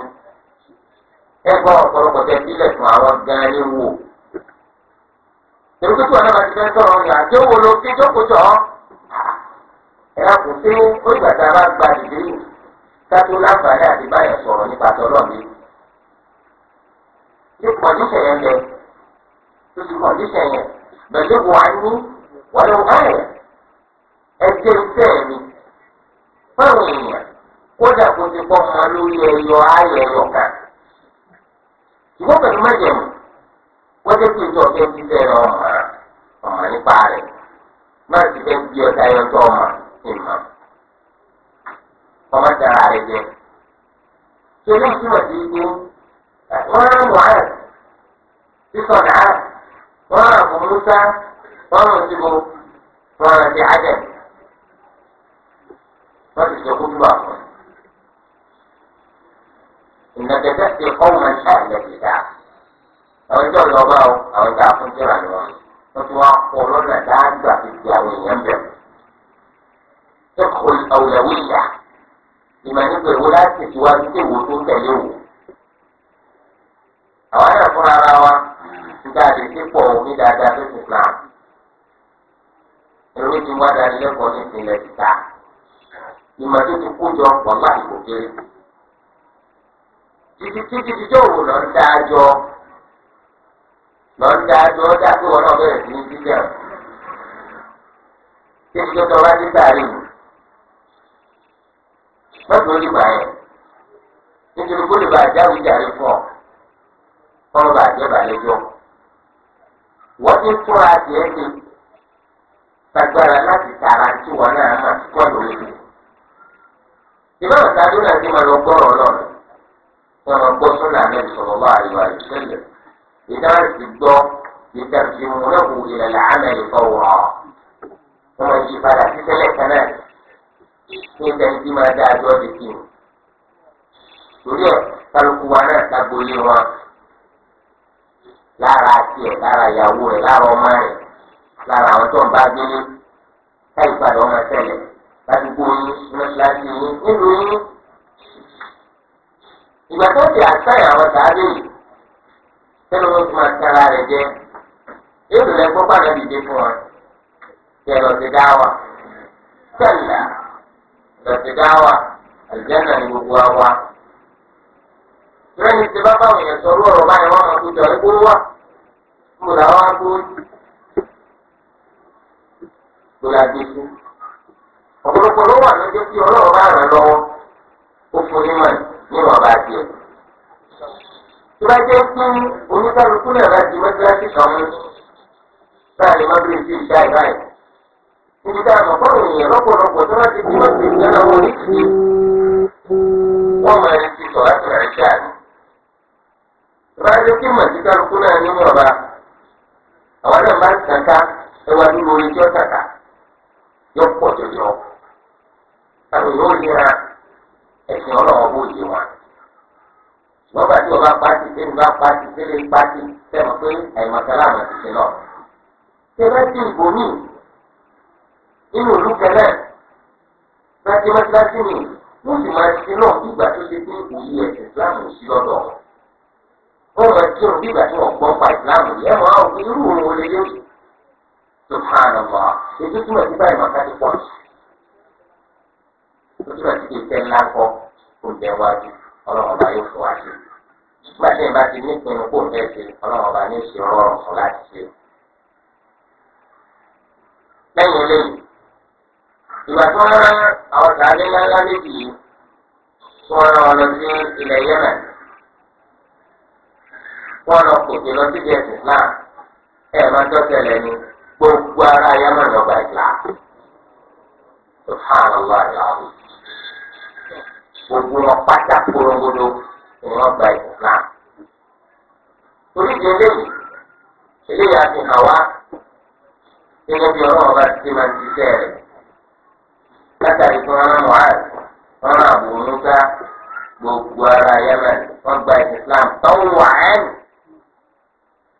Speaker 1: ẹgbọ́ ọ̀pọ̀lọpọ̀ tẹ sílẹ̀ fún àwọn gan ni wò èrò pípọ̀ náà ti fẹ́ sọ̀rọ̀ ní àjọ wo ló fi jókòó jọ ẹ̀ á kò sí ó ìgbà tá a bá gba dìgírì ká tó láǹfààní àti báyẹn sọ̀rọ̀ nípa tọ́lọ́ mi. Ipò ọdún ń bẹ tó ti kọ̀ǹdíṣẹ̀ yẹn bẹ̀lẹ́ wà ní wọ́n lọ báyẹ̀ mi fáwọn èèyàn kódà kó ti kọ́ ọmọ lórí ẹyọ ayẹ ẹyọ kan ṣùgbọ́n pẹ̀lú májẹ̀mú wọ́n ti pèsè ọ̀gá ti fẹ́ ọmọ ọmọ nípa rẹ̀ máa ti fẹ́ bí ọ̀tá ẹyọtọ̀ ọmọ ìmọ̀ ọmọ dára rẹ̀ jẹ́ ṣe ní ìtumọ̀ sí ibi wọ́n rán wàhálà sísọ̀ náà. wọ́n rà fún musa wọ́n rà sí bo wọ́n rà sí adẹ wọ́n ti sọ kútu bá fún ìnàkẹ́tẹ́ ti ọ̀hún ẹ̀ ṣáà ìlẹ̀kẹ̀ dáa àwọn ìjọ ìlọba o àwọn ìjọ àfúnjẹ́ra ni wọn wọ́n ti wá pọ̀ lọ́nà dáadáa fi di àwọn èèyàn bẹ̀rẹ̀ ẹ̀kọ́ àwùyàwó ìyá ìmọ̀ nípa èwo láti tẹ̀síwájú tí èwo tó tẹ̀lé wò àwọn àyàn fúnra ara wa. jáde dípò ní dáadáa tó ti èmi ti wá dáadáa lẹ́kọ̀ọ́ ní ìpínlẹ̀ títà ìmọ̀ tó ti kú jọ pọ̀ láì kéré títí títí títí òwò lọ ń dájọ́ lọ ń dájọ́ bẹ̀rẹ̀ sí ní títí tó tọ́ wá ó nítorí kó lè bá a jáwé jàre fún ọ kọ́ ló bá a wọ́n ti tún adìẹ ṣe gbàgbára láti tààrà tí wọn náà máa ti kọ́ lórí rẹ̀. ìbá wọn sáájú náà ti máa lọ gbọ́rọ̀ ọlọ́run wọn lọ gbọ́ sún náà mẹ́rin sọ̀rọ̀ wá àríwá ìṣẹ̀lẹ̀ ìdáhùn ti gbọ́ ìtàkì wọn ìrẹ̀lẹ̀ àmẹ́ ìfọwọ́ wọn lọ yí padà sí tẹ́lẹ̀ kan ní ìtẹ́ni tí máa dá àjọ ti kì í. torí ẹ̀ kálukú wa náà ta gbolé wọn lára tiẹ̀ lára ìyàwó rẹ̀ lára ọmọ rẹ̀ lára àwọn tó ń bá gbélé káyì padà ọmọ tẹ́lẹ̀ ládùúgbò yín mọ́ṣáláṣí yín nílùú yín. ìgbà tó ti àtàyà àwọn sàárè yìí tẹ́lẹ̀ wọ́n ti máa rẹ̀ jẹ́ èlò rẹ̀ gbọ́ pàdé dìde fún wọn tẹ́ lọ sí dáwà tẹ́lẹ̀ lọ sí dáwà àlùjànnà ni gbogbo wa bá báwọn èèyàn sọ lọ́rọ̀ báyìí wọ́n máa gbójọ ẹ kó wá kó là wá kó kó là gbé sí. ọ̀pọ̀lọpọ̀ ló wà lọ́jọ́ tí ọlọ́run bá rẹ̀ lọ́wọ́ ó fún onímọ̀ níwọ̀n bá tiẹ̀. tí wọ́n jẹ́ fún oníkálukú náà láti mọ́tíláṣí kan mú láàrin mọ́tíláṣí sí ìṣá ìbáyìí. níbi tá a mọ̀ fọ́ọ̀rọ̀ èèyàn lọ́pọ̀lọpọ̀ tí wọ́n ti fi wọ́n ti jẹ́ àwọn oníṣìí wọ́n máa ń ti sọ̀rọ̀ àti àìṣáà ni. ìbáraẹni kí màtí kálukú náà ní ìwọ̀nba àwọn náà máa ń ẹwà dúró orí tí ó tàka yóò pọ̀ jọjọ àwọn yóò yẹra ẹ̀sìn ọlọ́wọ́ bó yé wọn. wọ́n bá tí o bá pàtì tí bá pàtì tí o pàtì pé àìmọ̀tálá àmọ̀ ti ṣe lọ. tẹ́lẹ̀ tí ìbò mi inú ìlú kẹlẹ́ láti sì máa ṣe náà tó ṣe pé òye ẹ̀sìn Islam ó rọ kírun bí ìgbà tí wọ́n gbọ́ pa ìsìláàmù yìí ẹ̀ mọ́ àwọn òfin irú òun wọlé lé subhanallah ètò túmọ̀ sí báyìí màkà ti pọ̀ jù ó túmọ̀ sí iṣẹ́ ńlá kọ́ kó jẹ́ wájú ọlọ́run ọba yóò fún wa ṣe ìgbà tí ìbá ti nípinnu kó ń fẹ́ ṣe ọlọ́run ọba ní ìṣe rọrùn fún láti ṣe. lẹ́yìn eléyìí ìgbà tí wọ́n rán àwọn tàbí ńláńlá méjì yìí tí wọ́n rán ọ lọ sí ilẹ̀ Yemen wọ́n lọ pèsè lọ sí ẹ̀sìn Islam ẹ̀ máa gbogbo ara Yemen ọba Islam subhanallah yàrá gbogbo wọn pátá korongodo ni Islam oríṣi eléyìí eléyìí àti hàwa gẹ́gẹ́ bí ọlọ́run bá ti máa ti sẹ́ rẹ̀ látàrí fún ń Yemen Islam tọ́wọ́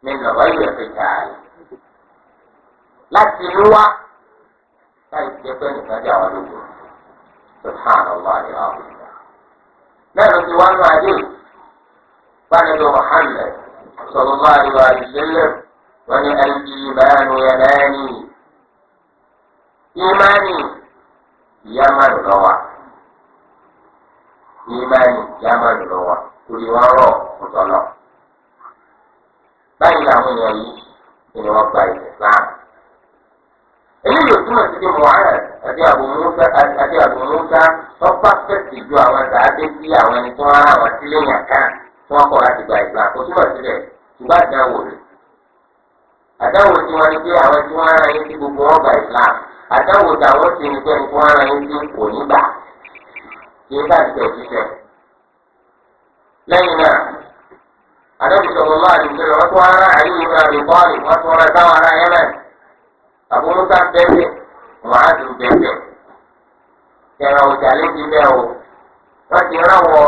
Speaker 1: min lọ́wọ́yọ̀ ti tààrí. láti ìlú wa láì jẹ́ pé nìkan jẹ́ àwọn lójú subhana allah ni wàá wùdí. náà ló ti wá nù adé bánidọ̀ muhammed sallallahu alayhi wa sallam wọ́n ní al-imanu yamani imani yamani lọ́wọ́ imani yamani lọ́wọ́ torí wọ́n rọ̀ ọ̀tọ̀ náà. lẹ́yìn àwọn èèyàn yìí ni wọ́n gba ìsìlám. eléyìí ò túmọ̀ sí pé muhammed àti abumusa àti abumusa wọ́n pàfẹ́tì ju àwọn sàádé sí àwọn ẹni tó ń rán àwọn sílé yàn kan tí wọ́n kọ̀ láti gba kò túmọ̀ ṣùgbọ́n àdáwò rẹ̀ àdáwò tí wọ́n ní pé àwọn tí wọ́n rán yín sí gbogbo wọn gba ìsìlám àdáwò táwọn ti pé ẹni Ànábì sallallahu alaihi wasallam wọ́n tún ara àyè ìwé àbí bọ́ọ̀lì wọ́n tún ra táwọn ará Yemen. Àbúrúkà ń bẹ́sẹ̀, Mùhàdù ń bẹ́sẹ̀. Kẹ̀rọ ọ̀jà lé ti bẹ́ o. Wọ́n ti ráwọ̀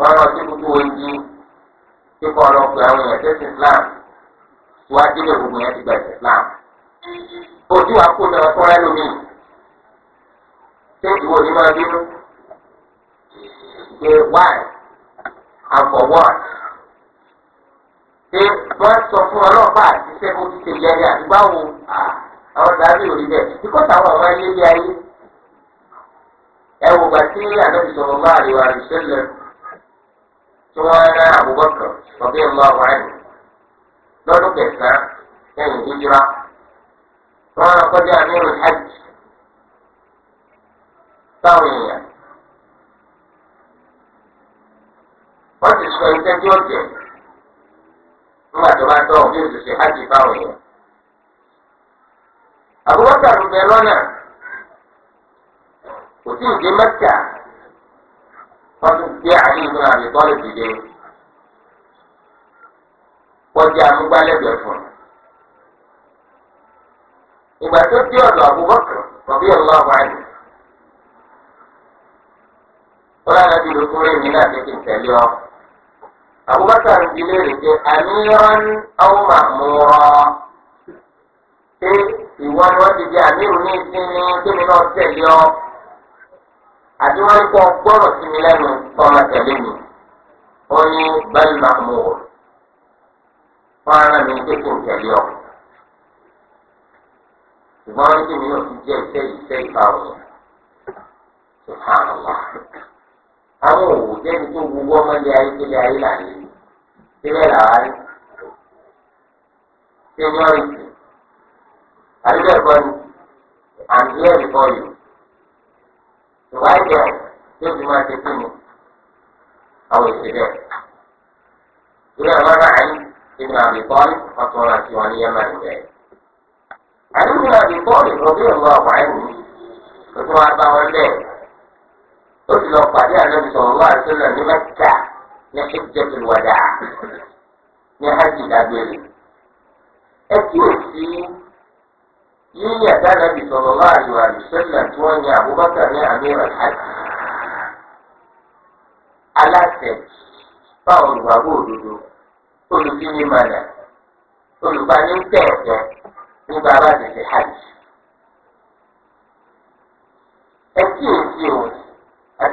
Speaker 1: ọ̀rọ̀ tí gbogbo ojú kíkọ́ ọlọ́pẹ̀ àwọn èèyàn tẹ́sí Islam. Wọ́n ti lè gbogbo yẹn ti gbẹ̀sẹ̀ Islam. Ojú àkójọ ọkùnrin lómi. Ṣé ìwọ ni máa bínú? Ṣé wáyé? and for what. ṣé wọ́n sọ fún ọlọ́pàá àti iṣẹ́ ti ṣe yẹni àdúgbò àwọn àwọn tàbí bẹ́ẹ̀ bíkọ́sì àwọn ọmọ ilé ilé ayé. ẹ wò gbà tí ànábì sọ̀rọ̀ àríwá àríṣẹ́lẹ̀ tí wọ́n rán àbúgbọ̀kọ̀ ọ̀bí ọ̀la ọ̀wá ẹ̀ lọ́dún kẹsàn-án lẹ́yìn hijira wọ́n rán àmì táwọn èèyàn wọ́n ti sọ iṣẹ́ tí ó jẹ́ nígbà tó bá tọ́ bí oṣù ṣe hajj báwọn yẹn. àbúrọ́tà ló bẹ lọ́nà kò tí ì dé mẹ́ta wọ́n tún gbé àyè inú àmì bọ́ọ̀lù dìde wọ́n jẹ́ amúgbálẹ́gbẹ̀ẹ́ fún un. ìgbà tó dé ọ̀dọ̀ àbúrọ́tà ọ̀lá wọ́n á náà tẹ̀lé ọ. Abubakar bi léèrè pé àmíràn àwọn màmúrọ̀ ṣé ìwọ ni wọ́n ti di àmírù ní ìsinmi kíni náà tẹ̀lé ọ àti wọ́n ní kó gbọ́rọ̀ sí mi lẹ́nu ọmọ tẹ̀lé mi ó ní bẹ́ẹ̀ màmúrọ̀ wọ́n mi pé kí n tẹ̀lé ọ ṣùgbọ́n kí mi yóò fi jẹ́ iṣẹ́ ìfẹ́ ìbáwọ̀ yẹn. Subhanallah àwọn òwò jẹ́bi tó gbogbo ọmọdé ayé kéde ayé làyè síbẹ̀ làwa rí seniority àdúgbò ẹ̀kọ́ ni i'm here before you ìwádìí ẹ̀ tó fi máa ṣe fún mi àwọn ìṣẹ̀lẹ̀ ìrẹ̀ lọ́nà àyè ìbùnà àbíkọ́lì ọ̀tún àti wọn ní yẹ́mà níbẹ̀. àdúgbò àbíkọ́lì rọ̀bí ọ̀gbọ́n àwọn àyè mi tó tún wá bá wọn bẹ́ẹ̀ ó ti lọ pàdé ànábi sọ̀rọ̀ lọ́wọ́ àdúrà ní mẹ́ta ní hajjatul wada ní hajj dágbére. ẹ kíyèsí yíyàn dánábi sọ̀rọ̀ lọ́wọ́ àdúrà tí wọ́n ní Abubakar ní amir al-hajj aláṣẹ báwọn olùwàgbọ́ òdodo olùdíní mọ̀nà olùbání ń tẹ̀ ẹ̀jẹ̀ nígbà aláṣẹ ti hajj. ẹ kíyèsí òun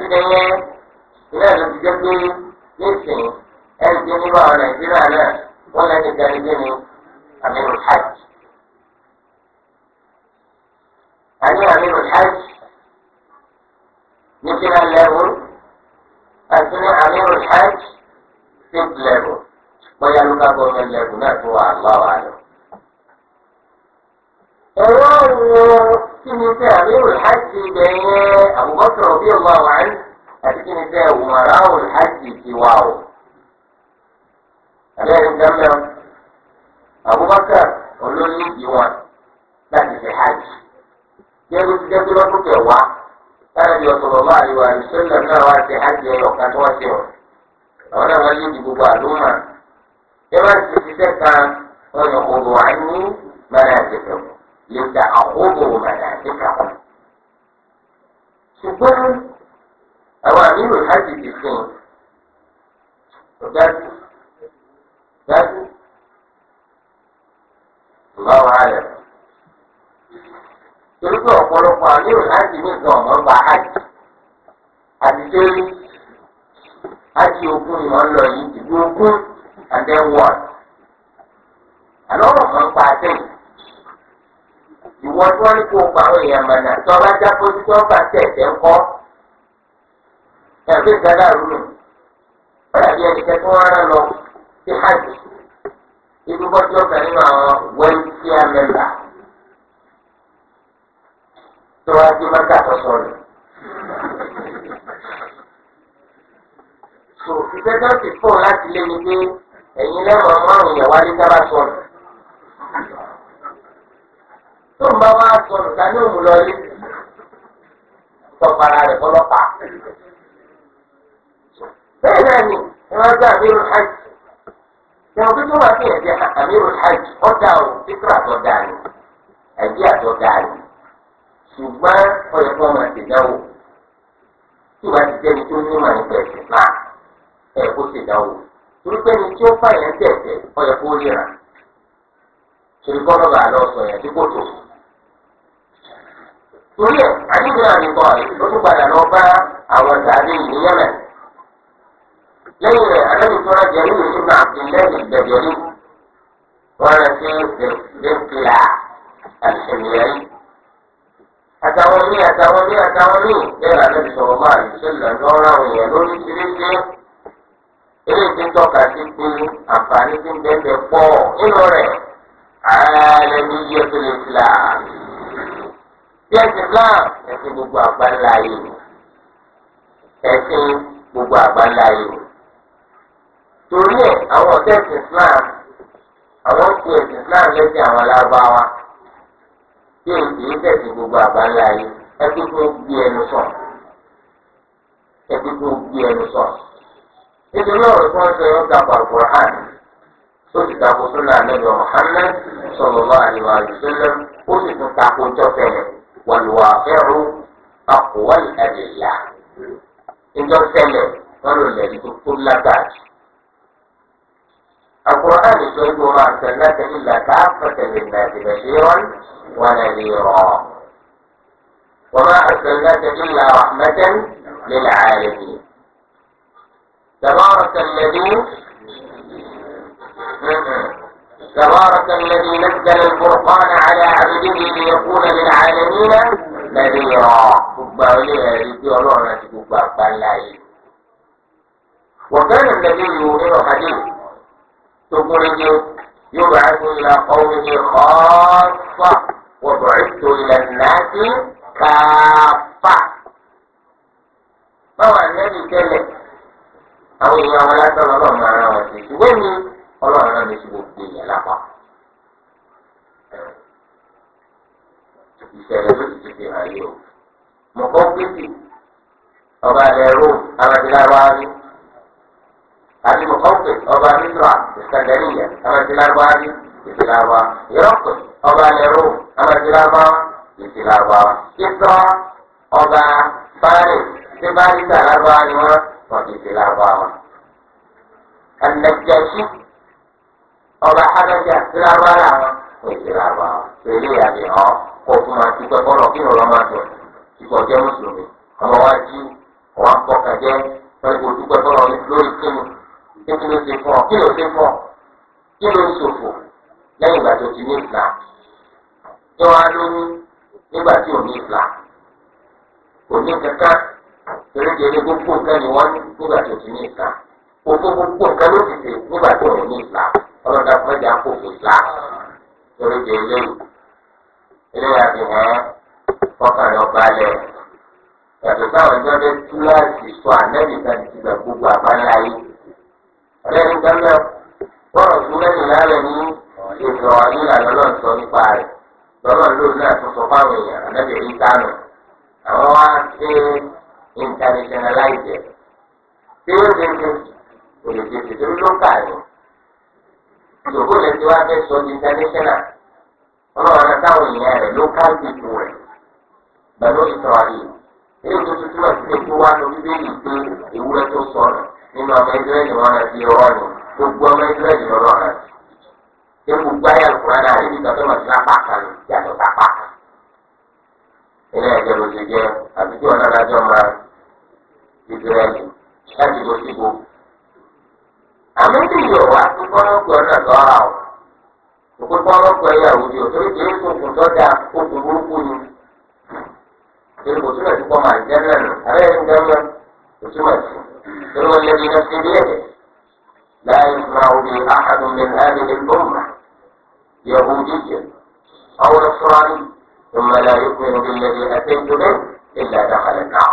Speaker 1: dídẹ yẹn ilé ẹ̀rọ ti jẹ́ pé nísìnyí ẹ̀rí ti nínú àwọn nàìjíríà náà wọ́n lẹ́ni gẹ́gẹ́ ní aminu hajj. a ní aminu hajj national level àti ní aminu hajj state level bóyá ló ká government level náà tó wà lọ́wọ́ àlọ́. ẹ̀rọ wo. kí ni sẹ́ àmírùl hajj Abubakar radiyallahu anhu àti kí ni sẹ́ umara'ul hajj ti wà Abubakar olóyún ìwọ̀n láti fi hajj. yẹ́nu ti dẹ́gbẹ́ lọ́dún kẹwàá káyọ̀dé ọ̀sọ̀rọ̀lá àríwá ìṣẹ̀lẹ̀ náà wá sí hajj ọ̀kan tó wá sí ọ̀. àwọn náà wọ́n lé لتعقبوا مناسككم ṣùgbọ́n àwọn àmìlò láti ti fi hàn dájú dájú ìbáwá rẹ̀ torí pé ọ̀pọ̀lọpọ̀ àmìlò láti ní ìgbà ọ̀mọ́ bá hajj àti sẹ́rí hajj ogun ni wọ́n lọ yìí ìlú ogun and then what? àlọ́ ọ̀mọ́ ń pa àtẹ̀yìn. ìwọ tí wọ́n ní kó pa àwọn èèyàn mọ̀nà tí wọ́n bá já fojú tí wọ́n bá tẹ̀ ẹ̀tẹ̀ ń kọ́ ẹ̀fẹ́ ìgbàlá rúmi ọ̀làbí ẹnìkan tí wọ́n rán lọ sí hajj ibi bọ́jú ọ̀gá nínú àwọn wẹ́lfíà mẹ́mbà tó wá dé má dàtọ̀ sọ̀rọ̀. so ìfẹ́jọ́ ti fò láti lé ni pé ẹ̀yin lẹ́wọ̀n márùn-ún yẹn wálé dábàá sọ̀rọ̀. tó ń bá wá sọnù ká ní òun lọ lé tọpara rẹ̀ bọ́lọ́pàá. bẹ́ẹ̀ náà ni wọ́n gbé àmírù hajj ìwọ̀n tó tó wà sí ẹ̀jẹ̀ àmírù hajj ọ̀dà ò títúrà tó dà ní ẹ̀jẹ̀ àtọ̀ dà ní ṣùgbọ́n máa dáwò tí ti torí ẹ̀ àdìgbò nìkan ó tún padà lọ bá àwọn tó nínú ìṣúná àtàwọn àtàwọn àtàwọn máa yìí lórí bí ẹ̀sìn Islam gbogbo àgbáńlá yìí o. gbogbo àgbáńlá yìí torí ẹ̀ àwọn ọ̀tẹ̀ ẹ̀sìn Islam àwọn Islam gbogbo àgbáńlá yìí ẹ̀sìn tó gbé ẹnu sọ ẹ̀sìn tó gbé ẹnu sọ nítorí ọ̀rọ̀ tí wọ́n sọ yóò dàpọ̀ al ó sì dàpọ̀ والواقع أقوى الأدلة إنتو سلم قالوا الذي تقول لك القرآن يقول ما أرسلناك إلا كافة للناس بشيرا ونذيرا وما أرسلناك إلا رحمة للعالمين تبارك الذي تبارك الذي نزل الفرقان على عبده ليكون للعالمين نذيرا فبالي هذه الله نتبوك بالله وكان النبي يؤمن حديث تخرج يبعث إلى قومه خاصة وبعثت إلى الناس كافة فهو النبي كلم أو الله لا تنظر معنا وسيس ọlọ́run náà ní sí gbogbo èèyàn lápapọ̀ ìṣẹ̀lẹ̀ ló ti ti fi hàn yìí o mọ̀kọ́ gbèsè ọba ilẹ̀ rome amadilawa ni àti mọ̀kọ́ gbèsè ọba misra ìsàgẹ́nìyà amadilawa ni ìsìláwa yọ̀ọ̀kù ọba ilẹ̀ rome amadilawa ìsìláwa ìsọ ọba bari ṣé bari sàlábà ni wọn wọn ìsìláwa wọn. النجاشي ọba adájà sílábà làwọn ní sílábà ọ kó tó máa ti pẹ́ kọ́lọ̀ kí ọ̀rọ̀ máa dùn ìkọ̀ jẹ́ mùsùlùmí ọmọ wa jí ọwọ́ akọ́kà jẹ́ pẹ́ kó tó pẹ́ kọ́lọ̀ lórí kíni kí ló ti fọ́ kí ti fọ́ kí ló ń ìgbà tó ti ní tí nígbà tí gbogbo nǹkan ni nígbà tó ti ní gbogbo gbogbo nǹkan ló ti nígbà ọlọ́dà pẹ́jà kò fi là torí di eléyìí eléyà fi hàn ọkàlẹ̀ ọbalẹ̀ yàtọ̀ sáwọn ẹjọ́ bẹ túláàsì sọ ànẹ́bí kan ti gbà gbogbo àbáńlá yìí ọ̀rẹ́ ní gbàgbọ́ bọ́ọ̀rọ̀ tó lẹ́yìn lálẹ́ ní ìfọ̀ ayélujára lọ́nà sọ nípa rẹ̀ lọ́nà lóun náà tó sọ fáwọn èèyàn ànẹ́bí rí kánò. wá fẹ́ sọ di international ọlọ́run náà èèyàn rẹ̀ local people rẹ̀ pẹ̀lú ìtọ́rí èyí tó tuntun náà ti lè wá lọ bíbélì pé ewúrẹ́ tó sọnù nínú ọmọ di ọ̀rọ̀ ni gbogbo ọmọ ìsírẹ́lì lọ́rọ̀ rẹ̀ ṣé gbogbo ayé àlùkò náà rí na tó wà sí lápá kan yàtọ̀ sápá kan ilé ẹ̀jẹ̀ ló ti jẹ́ adájọ́ máa láti ìkókó ọlọ́pàá ẹ̀yà àwùjọ torí kìí tuntun tọ́jà oṣù burúkú ni ṣe kò túnbọ̀ sí kọ́mà ìjẹ́nà nù abẹ́rẹ́ ń dẹ́mọ́ kò túnbọ̀ sí torí wọn lè yíyan sí bí ẹ̀dẹ̀ láì máa wùdí àhàdùn mi láàrin ní bọ́ọ̀mà yẹ̀wò jíjẹ àwọn ọ̀ṣọ́rọ̀ ثم لا يؤمن بالذي أتيت به إلا دخل النار.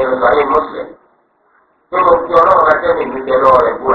Speaker 1: إن صحيح مسلم. ثم في يوم ما كان من جلوه يقول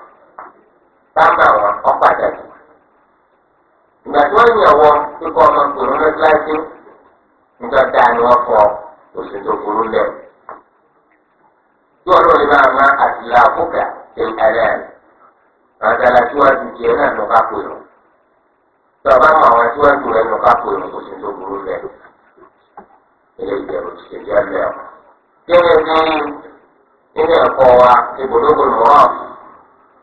Speaker 1: táàmù àwọn ọ̀pàdàkì. ìgbà tí wọ́n yàn wọ kíkọ́ ọmọ tòun ní kíláàsì dáa ni wọ́n fọ oṣù tó burú lẹ̀. tí wọ́n máa ma àtìlá àbúkà ṣe ẹlẹ́ẹ̀ àtàlà tí wọ́n ti jẹ náà ló pè lọ. tí mọ àwọn tí wọ́n ju ló pè lọ oṣù tó burú lẹ̀. ilé ti ṣe jẹ́ lẹ́ọ̀. kí ni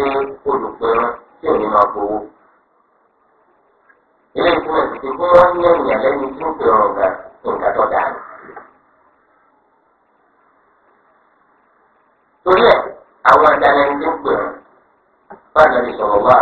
Speaker 1: pé olùpẹ̀rọ tí ò ní máa gbowó. ilé ìtumọ̀ sì ti pé wọ́n ní ènìyàn lẹ́nu tí ń pèrò ọ̀gá nǹkan tó dáa torí ẹ̀ àwọn adarí sọ̀rọ̀ wá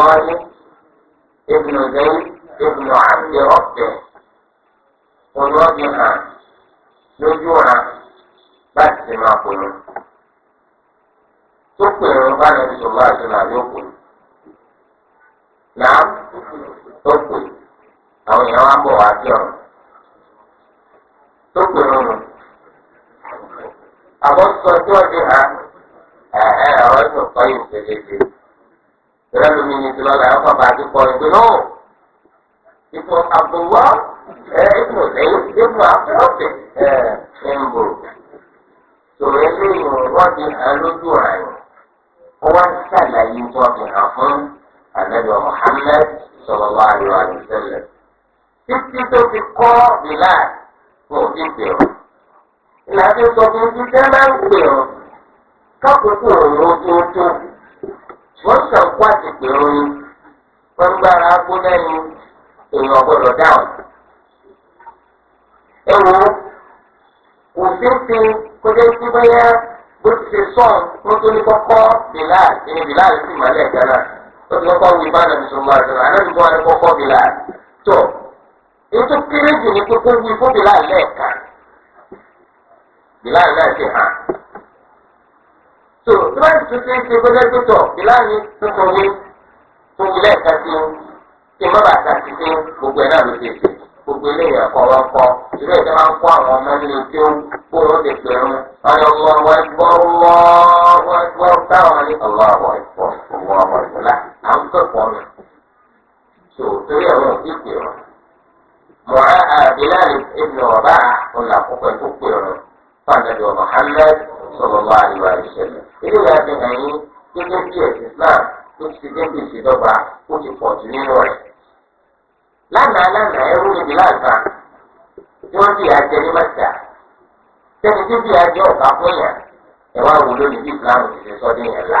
Speaker 1: الله ó wí fún Bilal lẹ́ẹ̀kan Bilal náà ti hàn tó tí wọ́n ti ṣe ṣe gbọ́dọ̀ tó tọ̀ Bilal ní tuntun wí tó wí lẹ́ẹ̀kan sí kí n má bàa ta sí sí gbogbo ẹ̀ náà ló ṣe ṣe gbogbo eléyìí ẹ̀kọ́ wọn kọ́ irú ẹ̀jẹ̀ máa ń kọ́ àwọn ọmọ nílé tí kó wọn ti pẹ̀rù ọlọ́wọ́ ọmọ ẹgbọ́ ọlọ́wọ́ ẹgbọ́ táwọn ní ọlọ́wọ́ ẹgbọ́ ọlọ́wọ́ ẹgbọ́ láti àwọn kẹ́kọ̀ọ́ mi. tòótọ́ yẹ̀ wọ́n ti pè wọ́n. بلال ابن رباح قلنا أقوى تكبر قال نبي محمد صلى الله عليه وسلم إذا لا تنهي كيف في الإسلام níbi níbi ìṣèdọ́gba ó ti pọ̀ jù nínú rẹ̀. lánàá lánàá ẹrú níbi láàbà tí wọ́n fi àjẹ ní mẹ́ta sẹ́ni tí fi àjẹ ọ̀gá fún yàn ewa wò lónìí bí islam ti ṣe sọ́dún yẹn la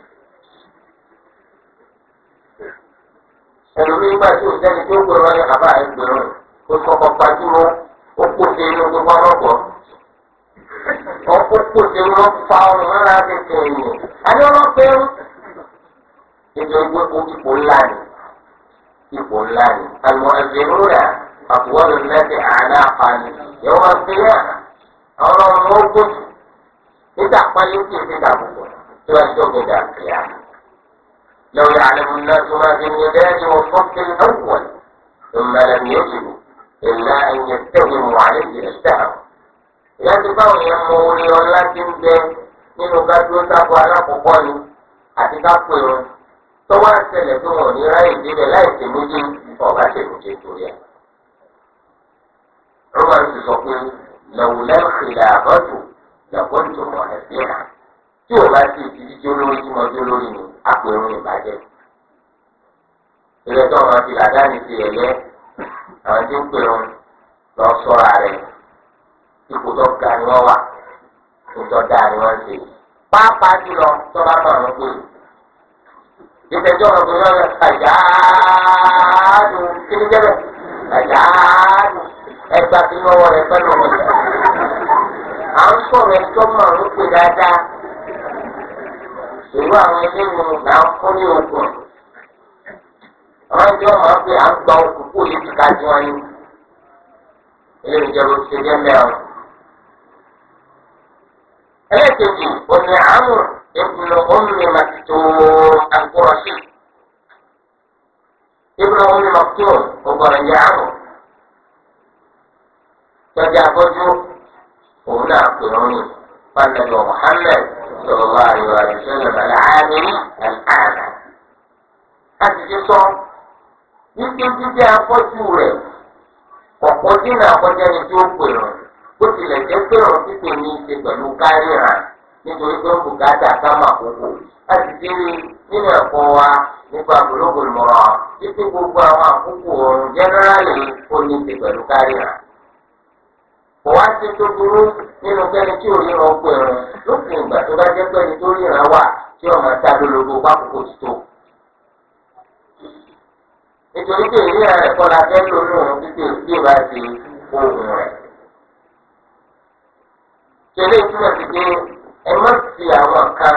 Speaker 1: ẹlòmí gbà tí o jẹni tí ó gbèrò wáyé bàbá rẹ̀ gbèrò o kọ́kọ́ gbajúmọ̀ ó kó se inú gbogbo ọlọ́gbọ̀ ó kó kó se inú fa ya ńlá tètè ènìyàn àní ọlọ́pẹ́rù ètò ìgbé kó ipò ńlá ni ipò ńlá ni àlùmọ́ ẹ̀dẹ̀rún rẹ̀ àtúwọ́lù lẹ́sẹ̀ àná pálí tí ti tó لو يعلم الناس ما في النداء والصف الأول ثم لم يجبوا إلا أن يتهموا عليه اشتهروا láti báwọn yẹn mọ orí ọlá ti ń bẹ nínú gbádùn sáfù alákọ̀ọ́kọ́ ni àti káfù irun tó wá ṣẹlẹ̀ tó wọ̀n ní ráyè débẹ̀ láì ṣe méjì ọ̀gá ṣe méjì torí ẹ̀. rọ́bà ti sọ pé lọ́wọ́lẹ́ ìlà àbọ̀dù làbọ̀dù mọ̀ ẹ̀sìn náà tí o bá ti ìdí jíjó lórí tí mo jó lórí mi àpérò ìbàjẹ́. ìrẹsì ọmọ ti làdáni ti ẹ̀yẹ àwọn tí ń pèrò lọ sọ́ra rẹ̀ ipò tó ga ni wọ́n wà ìtọ́ dáa ni wọ́n ṣe. pàápàá jùlọ tọ́lá náà ń pè ìtẹ̀jọ́ ọ̀rọ̀ tó yọ̀ọ́ àjáàdù kí ni jẹ́bẹ̀ àjáàdù ẹgbàá tí wọ́n wọ̀ rẹ̀ pẹ́ lọ́wọ́. à ń sọ̀rọ̀ ẹjọ́ mọ̀ ń pè dáadáa ìlú àwọn ilé ìwòrán là ń kó ní ogun àwọn ìjọ máa fi à ń gba ogun kó yìí ti ká tí wọn ní ilé ìjọba ti jẹ mẹ́rin. ẹlẹ́kejì òní àmú ìbùnú omi màtìtò àgbọ̀rọ̀ṣì ìbùnú omi màtìtò ọgbọ̀rọ̀ ní àmú tọ́jà àbọ́jú òun náà pè wọ́n ní fanabi Muhammad. صلى الله عليه وسلم العالم الأعلى láti fi sọ wípé jíjẹ́ afọ́jú rẹ̀ ọ̀pọ̀ dínà àkọjá ni tí ó pèrò ó tilẹ̀ jẹ́ pèrò pípé ní ṣe pẹ̀lú kárìíràn nítorí pé ó kù káàdà kámà àkókò láti rí nínú ẹ̀kọ́ wa nípa gbòlógbòlò mọ́ra wípé gbogbo àwọn àkókò ọ̀run jẹ́nẹ́rálì ó ní ṣe pẹ̀lú kárìíràn. kò wá sí tó burú nínú kẹ́ni tí ò ríran ó pè rún lópin ìgbà tó bá jẹ́ pẹ́ni tó ríran wà tí ọmọ ta lólobó pákòkò ti tó. nítorí pé ìríran rẹ̀ kọ́ la fẹ́ lónú títí tí ò bá ti ohun rẹ̀. tẹ̀lé ìtumọ̀ sí pé ẹ má ti àwọn kan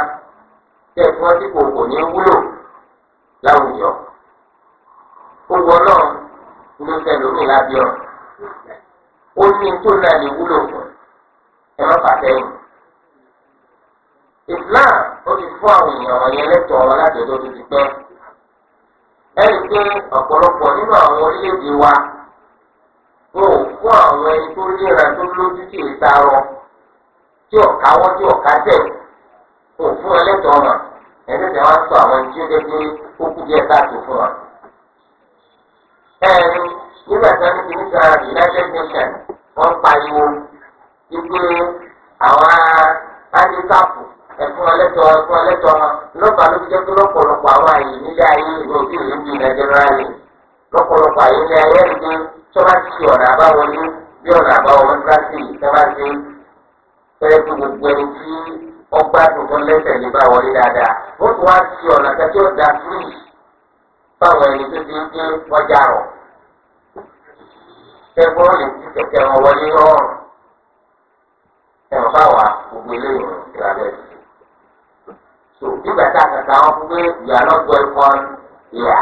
Speaker 1: tẹ̀ fún ọtí kò kò ní wúlò láwùjọ. gbogbo ọlọ́run ló fẹ́ lómi lábẹ́ ó ní tó náà lè wúlò fún ẹ Islam ó ti fún àwọn èèyàn wọ̀nyẹn lẹ́tọ̀ọ́ wọn láti ọjọ́ tó ti pẹ́. pé ọ̀pọ̀lọpọ̀ nínú àwọn orílẹ̀-èdè wa o fún àwọn ẹni tó léra tó lójú tí ì tí ọ̀ka wọ́n tí ọ̀ka tẹ̀ wọn fún wọn lẹ́tọ̀ọ́ wọn ẹni tẹ̀ wọ́n sọ àwọn tí ó pé ó kú fún wọn. nígbà tí wọ́n ti ní sọ United Nations wọ́n pariwo wípé àwọn handicap ẹ̀fún ọlẹ́tọ̀ ẹ̀fún ọlẹ́tọ̀ wọn ló fi jẹ́ pé lọ́pọ̀lọpọ̀ àwọn àyè nílé ayé ìlú ìlú nàìjíríà yìí lọ́pọ̀lọpọ̀ àyè nílé ayé pé tí bá ti ọ̀nà bí ọ̀nà gbogbo ẹni tí ọgbà tuntun bá wọlé dáadáa wá kẹ bọ́ọ̀lù tí kẹ̀kẹ́ wọn wọlé rọrùn ẹ̀rọ bá wà gbogbo eléyìí ìrànlẹ́ sí. so nígbà tá a kàkà wọn fún pé ìyá náà gbọ́ ẹ̀fọn ìyá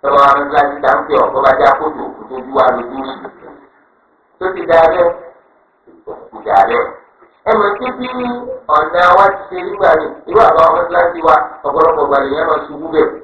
Speaker 1: tọ́wọ́ àwọn ọmọdé láti dá ń pè ọ́ bọ́ba já kóòtù òkú tó ju wa lójú rí tó ti dá rẹ̀ òkú dá rẹ̀ ẹ̀rọ tí bí ọ̀nà wa ti ṣe nígbà rẹ̀ irú àbá ọmọdé láti wa ọ̀pọ̀lọpọ̀ gbàlè yẹn lọ ṣubú bẹ́ẹ̀.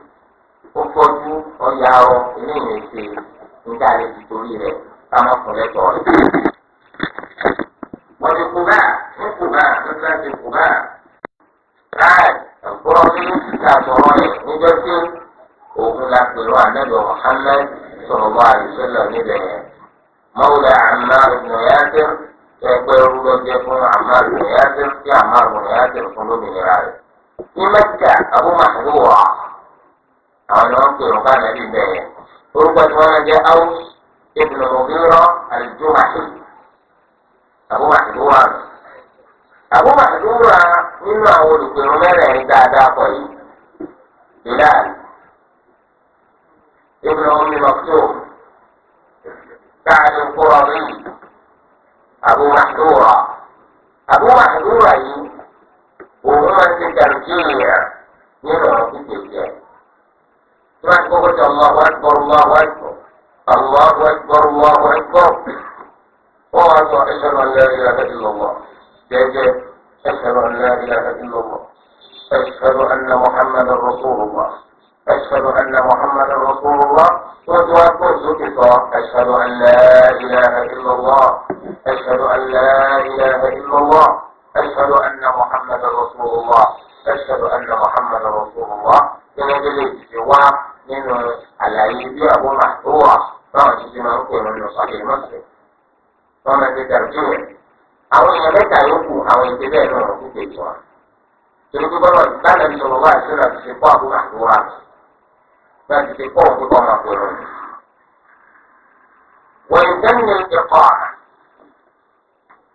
Speaker 1: ó fọ́jú ọ̀yà ọ eléyìí ṣe níta lè ti torí rẹ̀ káwọn kúnlẹ̀ tọ̀ rẹ̀. wọ́n ti kú báà ní kú báà ní kí wọ́n kú báà. láì ẹ̀kọ́ nínú títà sọ̀rọ̀ níjọ́ tí òun la pèrò níbẹ̀ yẹn. ẹgbẹ́ jẹ́ fún tí àwọn ni wọ́n ń pè wọ́n bá nàbí bẹ̀rẹ̀ orúkọ tí wọ́n jẹ́ áwùs ibùdó òbírọ́ àlùjọ́màṣì àbúmàṣìbúrà àbúmàṣìbúrà nínú àwọn olùpẹ̀rún mẹ́rẹ̀ẹ̀rin dáadáa pọ̀ yìí bilal ibùdó omi mọ̀tò káàdì kúrọ̀ rí àbúmàṣìbúrà àbúmàṣìbúrà yìí òun máa ń ti dàrú jíìyà nínú tí wọ́n á gbọ́ kọjá Allahu akbar Allahu akbar Allahu akbar Allahu akbar wọ́n wá sọ ashhadu an la ilaha illallah jẹ́jẹ́ ashhadu an la ilaha illallah ashhadu anna muhammadan rasulullah ashhadu anna muhammadan rasulullah wọ́n ti wá gbọ́ sókè sọ ashhadu an la ilaha illallah ashhadu an la ilaha illallah ashhadu anna muhammadan rasulullah ashhadu anna muhammadan rasulullah gẹ́gẹ́ bí lè ti wá. nínú àlàyé bí àwọn màtúwà báwọn ti ti máa ń pè wọn lọ máa ti dàrú jùlọ. àwọn èèyàn mẹ́ta yòókù àwọn èdè bẹ́ẹ̀ náà wọ́n torí pé ní sọ̀rọ̀ wáyé ṣe kọ́ bá ti ṣe kọ́ òkú kọ́ wọ́n ń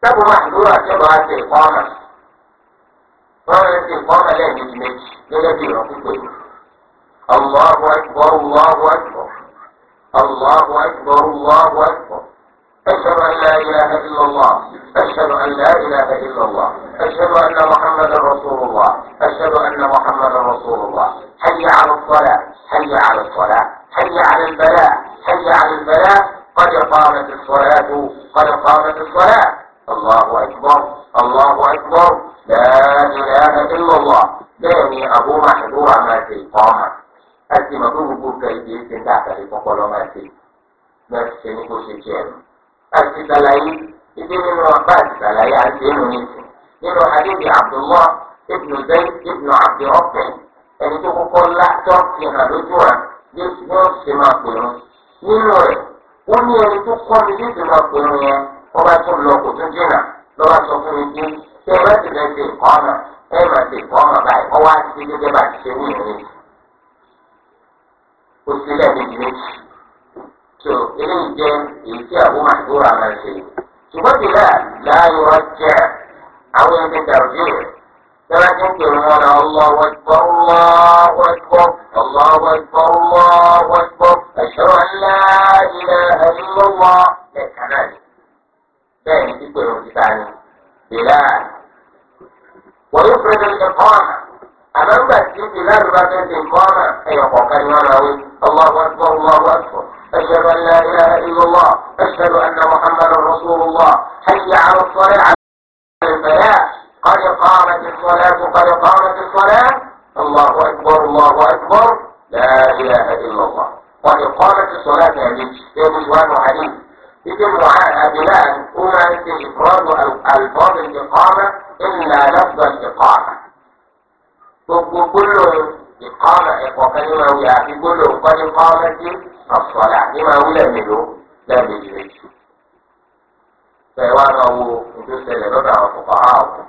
Speaker 1: ẹ̀kọ́ àmà sábà àti ẹ̀kọ́ àmà wọ́n ń ti ẹ̀kọ́ الله أكبر الله أكبر الله أكبر الله أكبر أشهد أن لا إله إلا الله أشهد أن لا إله إلا الله أشهد أن محمدا رسول الله أشهد أن محمدا رسول الله حي على الصلاة حي على الصلاة حي على البلاء حي على البلاء قد قامت الصلاة قد قامت الصلاة الله أكبر الله أكبر لا إله إلا الله دعني أبو محذور ما في قامت láti mọ̀ pé gbogbo nǹkan ibi ẹsẹ̀ tá àkàlẹ̀ kọ́kọ́ lọ́ máa ṣe bá ti ṣe ní kó ṣe jẹ́ ẹ̀rù. láti ṣàlàyé ibi nínú ọba àti ṣàlàyé àti ẹ̀rù nìkan nínú adébí Abdullah ibn Zayd ibn Abd Rabbih ẹni tó kọ́kọ́ lá tó fi hàn lójú wa ní wọ́n ṣe máa pèrún. nínú rẹ̀ wọ́n ní ẹni tó kọ́ mi ní ìṣèlú pèrún yẹn wọ́n bá tún lọ kò tún jìnnà lọ́wọ́ sọ fún mi pé ṣé ẹ bá ti fẹ́ ṣe ọ̀nà ẹ máa ṣe ìkọ́ ọ̀nà báyìí ọwọ́ àti ti ó ti lẹ́ẹ̀mejì méjì tó eléyìí jẹ́ èyí tí àwọn àdúrà máa ṣe ṣùgbọ́n ti rà láàyò ọjà àwọn ẹni dàbí rẹ̀ tẹ́lá tí ń pè wọn lọ Allahu Akbar Allahu Akbar Allahu Akbar Allahu Akbar ashhadu an la ilaha náà ni bẹ́ẹ̀ ni pípé wọn ti ta ni bẹ́ẹ̀ wọ́n yóò fẹ́ lórí ẹ̀kọ́ ọ̀nà. àmọ́ ńgbà tí ìlànà bá fẹ́ ṣe nǹkan ọ̀nà ẹ̀yọ̀ kọ̀ọ̀kan ni wọ́n máa wí Allahu akbar Allahu akbar ashhadu an la ilaha illallah ashhadu anna muhammadan rasulullah hayya ala salat ala al-falah qad qamat as-salat qad qamat as-salat Allahu akbar Allahu akbar la ilaha illallah qad qamat as-salat ẹ̀mí ẹ̀mí ìwánu àdìm يتم بلال وما يتم إفراد ألفاظ الإقامة إلا لفظ الإقامة gbogbo gbólóhùn ìkọ́ọ̀mà ẹ̀kọ́ kan máa wí àti gbólóhùn kọ́ ní kọ́ọ̀mà tí ọ̀sọ̀là ní máa wí lẹ́mìlú lẹ́mìlú méjì. bẹ́ẹ̀ wá máa wo àwọn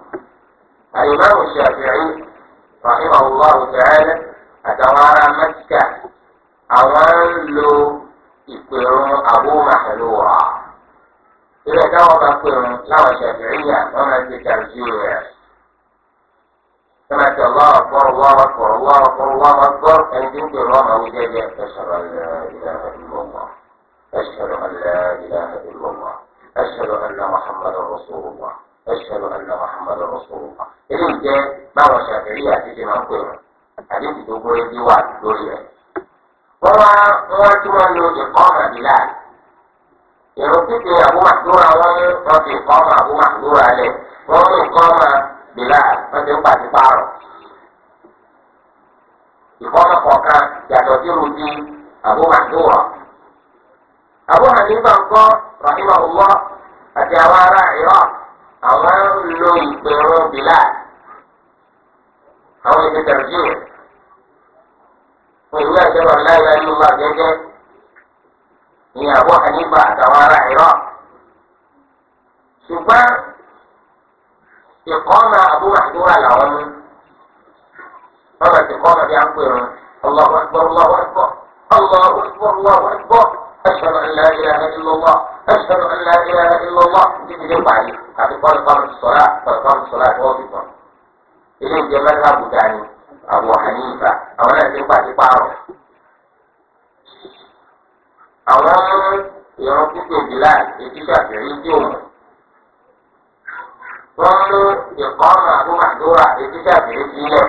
Speaker 1: àyùmáwò àtàwọn ará àwọn ń lo ìpèrún bá pèrún láwọn máa ń كما كي الله أكبر الله أكبر الله أكبر الله أكبر أن تنكر الله أو جاء أشهد أن لا إله إلا الله أشهد أن لا إله إلا الله أشهد أن محمدا رسول الله أشهد أن محمدا رسول الله إذن جاء ما الشافعية تجي ما قيمة حديث تقول دي واحد دوري وهو هو تمنى إقامة بلال يرتدي أبو محذور وفي إقامة أبو محذور عليه وهو إقامة Bilal wọ́n ti ń pàdé pààrọ̀. ìkọ́nà kọ̀ọ̀kan yàtọ̀ sí rudi Abu Mandura. Abu Hanifa ńkọ́ rahimahullah àti àwọn ará Iraq àwọn ń lo ìpèrún Bilal àwọn èdè tẹ̀síù pẹ̀lú ẹ̀jẹ̀ wọn láyé ẹni wà gẹ́gẹ́ ìyàwó Hanifa àtàwọn ará Iraq. ṣùgbọ́n ìkọ́mà Abu Mahdura làwọn mú wọ́n bá bí a ń pè wọn parí àti wọ́n fi ilé ni àwọn wọ́n mú ìkọ́mà àbúmàdúrà ètí sàbẹ̀rẹ̀ sílẹ̀.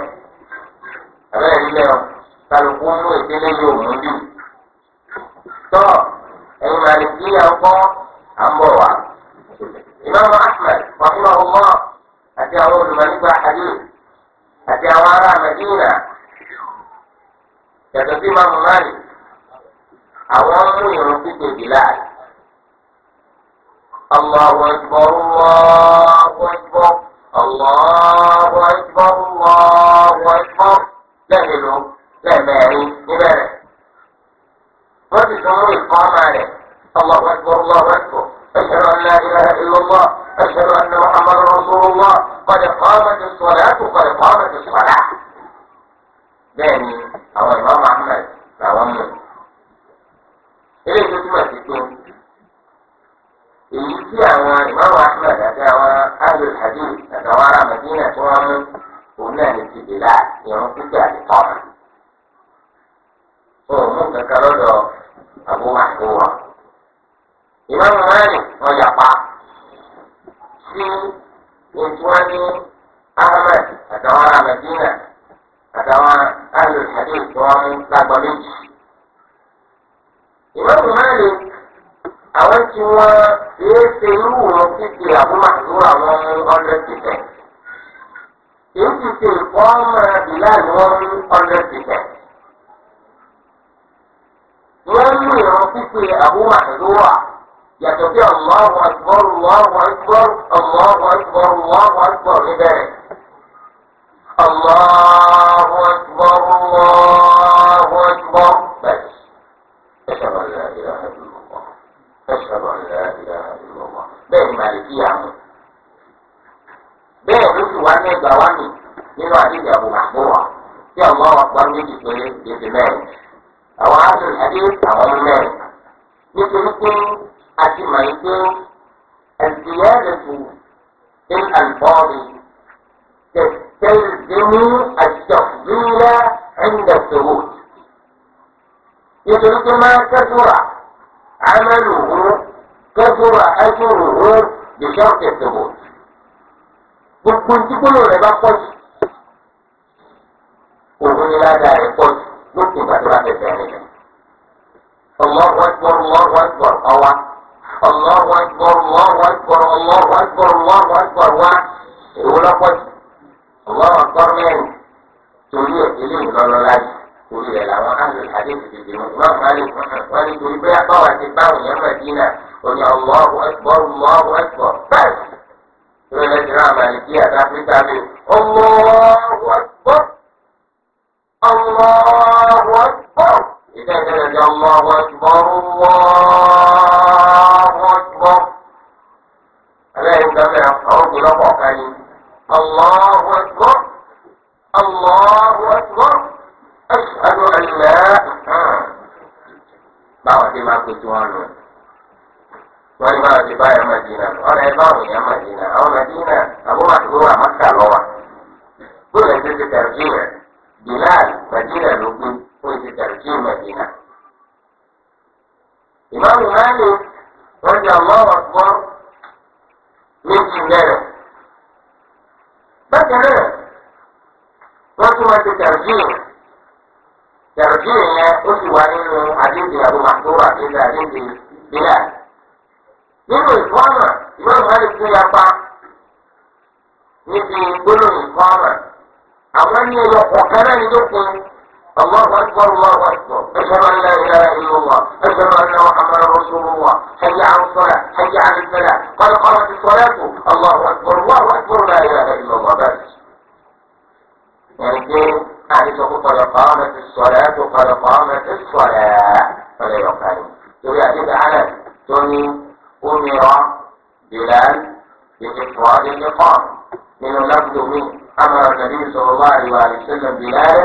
Speaker 1: copertura Allahu Akbar Allahu Akbar báyìí ìròyìn ẹ̀sìn náà màlìkí àti áfíríkà mi Allahu Akbar Allahu Akbar ìdá ìdẹ́rẹ́ di Allahu Akbar Allahu Akbar aláìní gbàgbé àwọn òbí lọ́kọ̀ọ́ yìí Allahu Akbar Allahu Akbar ashhadu an la báwọn ti máa pè tí wọ́n lọ. wọ́n ní báwọn ti báyà Madina ọ̀nà ẹ̀ báwọn èèyàn Madina Madina Maka Bilal Madina ló gbé ó ti tẹ̀rẹ̀jì Madina. ìmáàmù Malik wọ́n ti àwọn ọ̀pọ̀ méjì mẹ́rẹ̀ bákan náà wọ́n tún wọ́n ti tẹ̀rẹ̀jì rẹ̀ الله أكبر أشهد أن لا إله إلا الله أشهد أن محمدا رسول الله حي على الصلاة حي على الفلاح قد قامت الصلاة الله أكبر الله أكبر لا إله إلا الله بس يعني الدين أعرف قد قامت الصلاة قد قامت الصلاة فلا يقال يقول أبي على توني أمر بلال بإفراد اللقاء من لفظ من أمر النبي صلى الله عليه وسلم بلال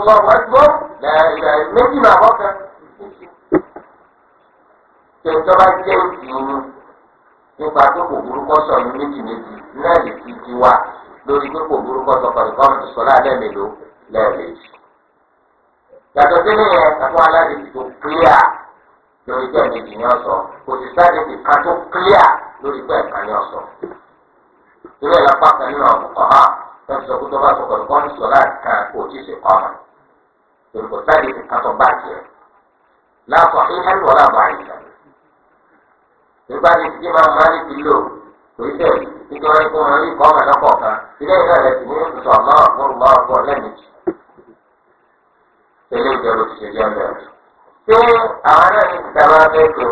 Speaker 1: Allah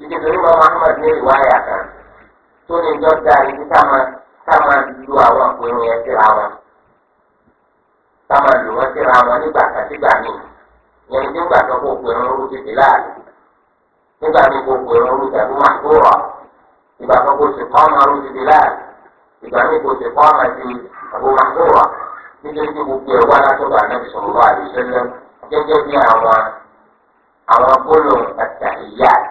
Speaker 1: ìdí torí ma Muhammad ní ìwáyà kan tó ní ìjọ da ibi ká máa lu àwọn àpòyìn yẹn síra wọn ká máa lù wọn síra wọn nígbà kàtígbà míì yẹn ní nígbà tó kó pèrún orú títí láàrin nígbà míì kó pèrún orú tàbí máa tó rọ ìgbà tó kó sì kọ́ máa orú títí láàrin ìgbà míì kó sì kọ́ máa ti àbó máa tó rọ nítorí tí gbogbo ẹ̀wọ́ alátọ́gbà náà ti sọ̀rọ̀ àdìsẹ́lẹ̀ gẹ́gẹ́ bí àwọn àwọn gbólóhùn àti.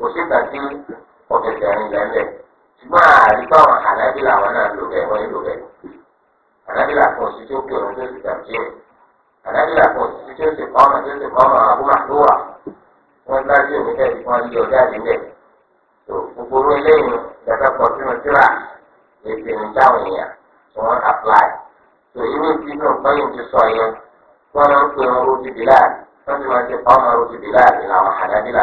Speaker 1: kò sí ìtàkì ọbẹ̀ tẹ̀rin lẹ́lẹ̀ ṣùgbọ́n àríkọ́ àwọn alábìlà àwọn náà lò bẹ́ẹ̀ wọ́n lò bẹ́ẹ̀ alábìlà kan sí tó pè òun tó sì tàbí ẹ̀ alábìlà kan sí tó sì kọ́ ọmọ tó sì kọ́ ọmọ àbúmà tó wà wọ́n bá sí òun tẹ̀sí kan yí ọjà nílẹ̀ tó gbogbo owó eléyìí dàgbà pọ̀ sínú tíra ètò ìdáhùn èèyàn tí wọ́n apply tó irú ìdíjú nǹkan yìí ti sọ yẹn wọ́n máa ń pè wọn rúbì bíláàdì wọ́n ti máa ń ṣe kọ́ ọmọ rúbì bíláàdì làwọn alábìlà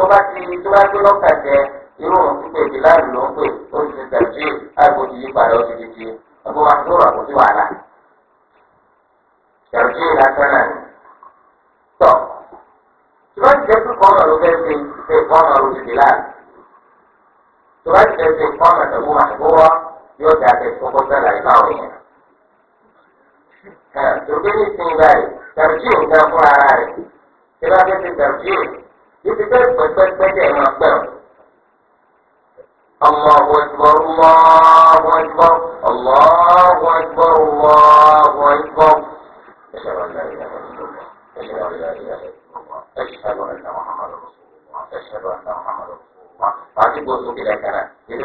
Speaker 1: tó bá ti tó bá gbé lọ́kà jẹ irú òun ti pè bíláàlì ló ń pè ó ti ti tẹ̀sí àgbo ti yí padà ó ti di ti ọgbọ́n wa tó rà kó sí wàhálà. tẹ̀sí lásán náà ni. tọ́ tó bá ti jẹ́ pé kọ́mọ̀ ló fẹ́ ṣe ṣe kọ́mọ̀ ló ti bíláàlì. tó bá ti jẹ́ pé kọ́mọ̀ tẹ̀wọ́ àgbọ̀wọ́ yóò dá tẹ̀sí kọ́kọ́ sẹ́lá ìbáwọ̀ yẹn. tòkè ní ìsìn báyìí tẹ̀sí òun pẹ́pẹ́pẹ́pẹ́ tẹ̀ máa pẹ́ o. Allahu akbar, Allahu الله أشهد الله أشهد أن محمدا رسول الله أشهد أن محمدا رسول الله pàtí kò sókè lẹ́kẹ̀rẹ́ ti pàtí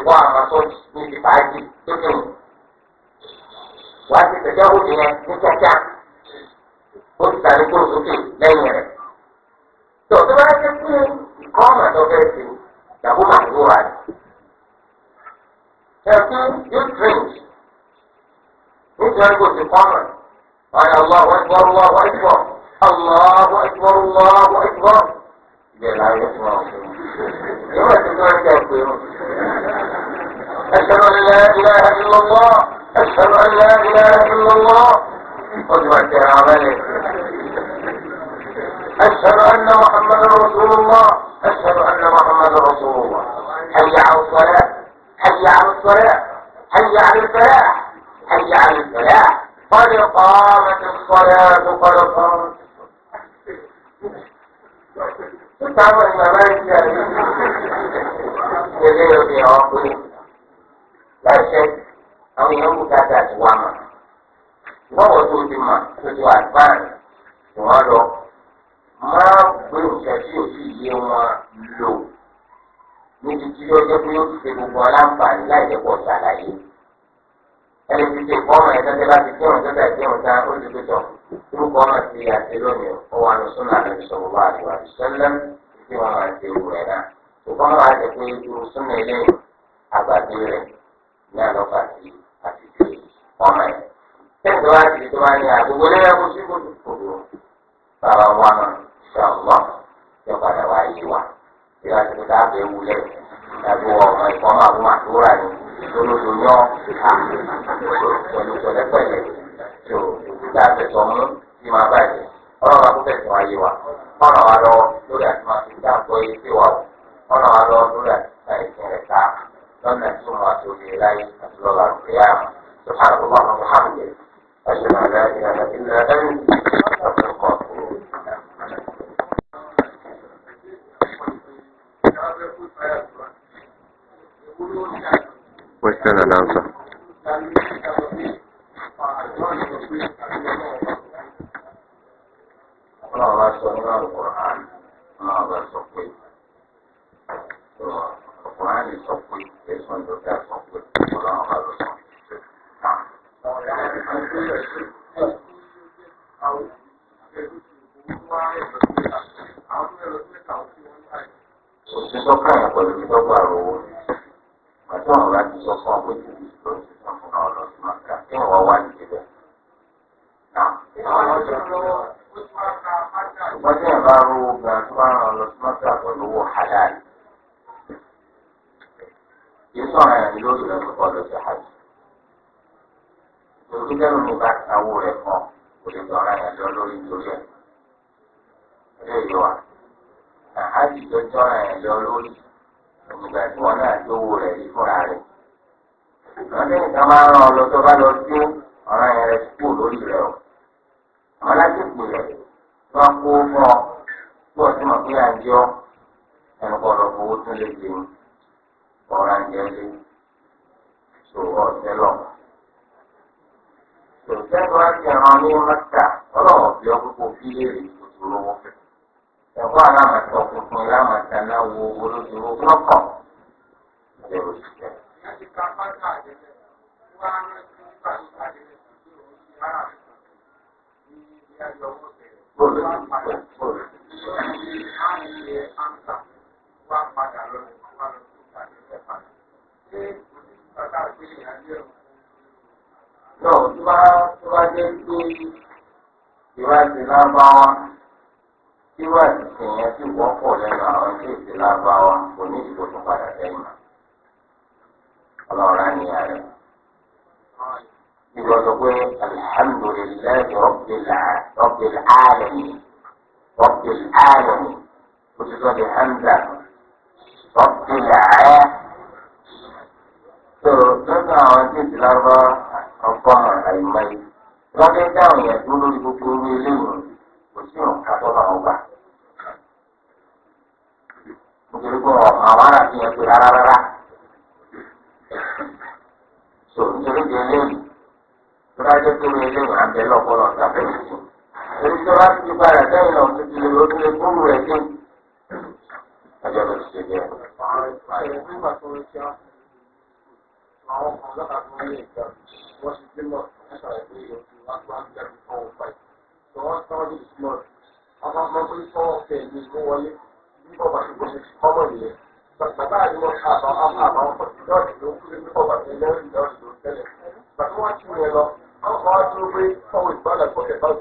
Speaker 1: òkè yẹn ní kíákíá ó ti tàbí kó sókè lẹ́yìn rẹ̀. وهو وسلم
Speaker 2: Quran is complete, based on the fact complete Quran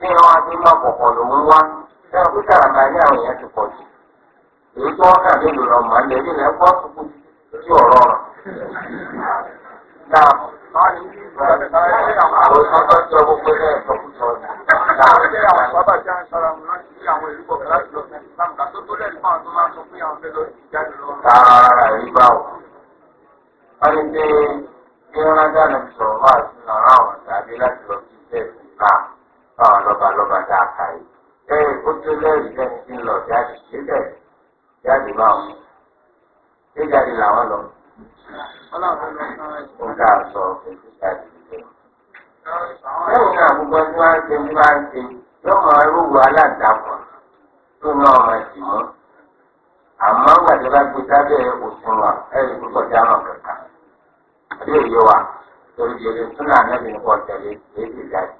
Speaker 1: ní wọn àti má kọ̀kọ̀ lòún wá ṣé kí sàràkà ní àwọn èèyàn ti pọ̀ jù èyí tó wọn kà nílùú lọ màá lè rí lẹ́kọ́ sùkú tí ọ̀rọ̀ rẹ̀. Náà àròsọ tó jẹ gbogbo ilé ẹ̀sọ́ kù sọ ni. Àwọn bàbá jẹ́ àṣàrà wọn láti rí àwọn ìlú kọ̀ọ̀kan láti lọ sí ìsìlámù ká tó tó lẹ́nu fún àwọn tó máa sọ pé àwọn fẹ́ lọ lọ. Rárá rí bá o. Wọ́n ní pé bí wọ́n rájá lọ sọ̀rọ̀ wá sí ọ̀rọ̀ àwọn tàbí láti lọ sí ìṣẹ́ ìsìlámù fáwọn lọ́balọ́ba tá a kà yìí. bẹ́ẹ̀ ó tó lẹ́rìí lẹ́ni tí ń lọ jáde síbẹ̀ jáde máa mú. ṣé jáde làwọn lọ? ó ká sọ èyí jáde síbẹ̀. bẹ́ẹ̀ ni àgbègbè tí wọ́n ń ṣe ní wọ́n ń ṣe yọ̀mọ̀ ẹrúwù aládàpọ̀ tó náà máa jì mọ́. àmọ́ gbàdúrà gbé sábẹ́ òṣùwọ̀n ẹ̀rí púpọ̀ jámọ̀ kẹ̀kẹ́ àbí èyí wa torí ìdílé súnà náà ní kò tẹ̀lé èyí ti jáde.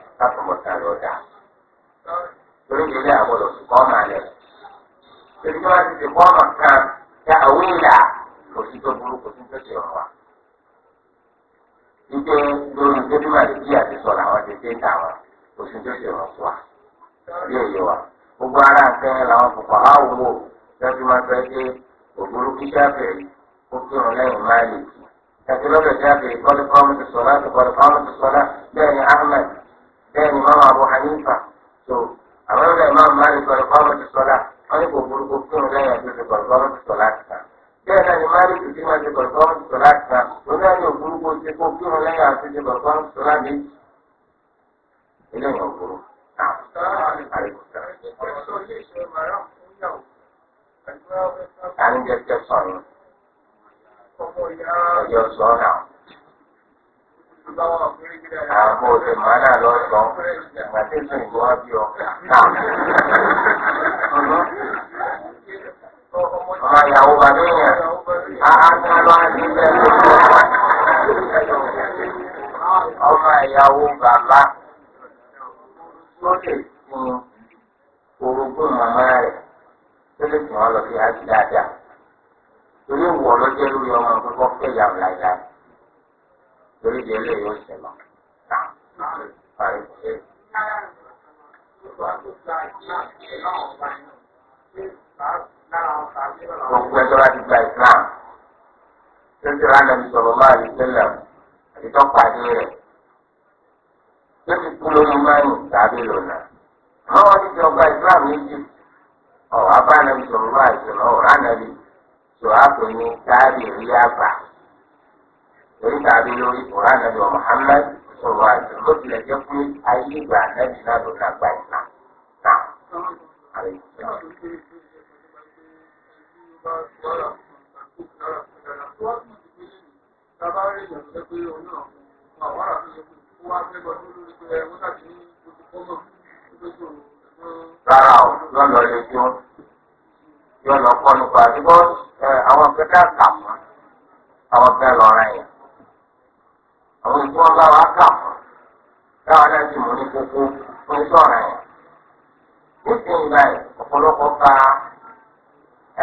Speaker 1: káfọmọta lọ dà torí ilé àwọn olùsùnkọ́mà rẹ̀ torí tí wọ́n ti fi kọ́mà kan ya àwọn ìlà òsì tó burú kò sí tó ti rọ̀ wá. Ìgbé lórí ìgbébíwá lè jí àti sọ̀rọ̀ àwọn ti dé táwọn òsì tó ti rọ̀ wá. Bí èyí wa, gbogbo ara ń fẹ́ràn làwọn kòkò àwọn wò lọ́sí máa fẹ́ dé òbúrú kí sáfẹ̀rì ó kí wọn lẹ́yìn máàlì. Ìtàkì lọ́dọ̀ sáfẹ̀rì kọ́lùkọ́mù ti sọ̀rọ̀ àti kọ́lùkọ́mù ti sọ̀rọ̀ bẹ́ẹ̀ ni Ahmed bẹ́ẹ̀ ni mama Abu Hanifa tó àwọn ọ̀dọ́ ìmọ̀ àmàlì kọ̀ọ̀lù kọ́ọ̀mù ti sọ́lá wọ́n ní kò burúkú fún lẹ́yìn àtúntò kọ̀ọ̀lù kọ́ọ̀mù ti sọ́lá ti kàn. bẹ́ẹ̀ náà ni mali tìtì máa ti kọ̀ọ̀lù kọ́ọ̀mù ti sọ́lá ti kàn lórí àti òburúkú ti kó fún lẹ́yìn àtúntò kọ̀ọ̀lù kọ́ọ̀mù ti sọ́lá méjì. ilé ìwọ̀n burú náà. à ń jẹ́ tẹ̀sán ni. ọjọ́ náà. Àbò òde màánà lọ sọ, àti èso ìgbó wá bí ọ. Ọmọ ìyàwó bàbá èèyàn, àá ní ọlọ́ àti ilé ẹ̀jẹ̀ tó wà. Ọmọ ìyàwó bàbá tó lè sin orogún màmá rẹ̀ tó lè torí di eléyìí ó ṣe lọ. Gbogbo
Speaker 2: ẹjọ́ láti gba ìsìlámù. Tẹ́tí ránàbí sọ̀rọ̀ máa rí tẹ́lẹ̀ àtijọ́ pàdé rẹ̀.
Speaker 1: Tó ti kú lórí mẹ́rin tàbí lòlá. Àwọn oníṣẹ́ ọba ìsìlámù Egypt ọ̀wá bá nàbí sọ̀rọ̀ máa rí sọ̀rọ̀ ọ̀rá torí tàbí lórí ọ̀rá nàbí wa Muhammad sọ̀rọ̀ àti ló tilẹ̀ jẹ́ pé ayé ìgbà nàbí náà ló náà gba ìlà náà. Rárá o, yóò lọ lé jó, yóò lọ kọ́ nípa bí wọ́n àwọn akẹ́kẹ́ àkàmọ́, àwọn akẹ́kẹ́ lọ́ra yẹn. àwọn ètò wọn wa kà fún táwọn náà ti mú ní kókó fún yẹn. nísìnyí báyìí ọ̀pọ̀lọpọ̀ bá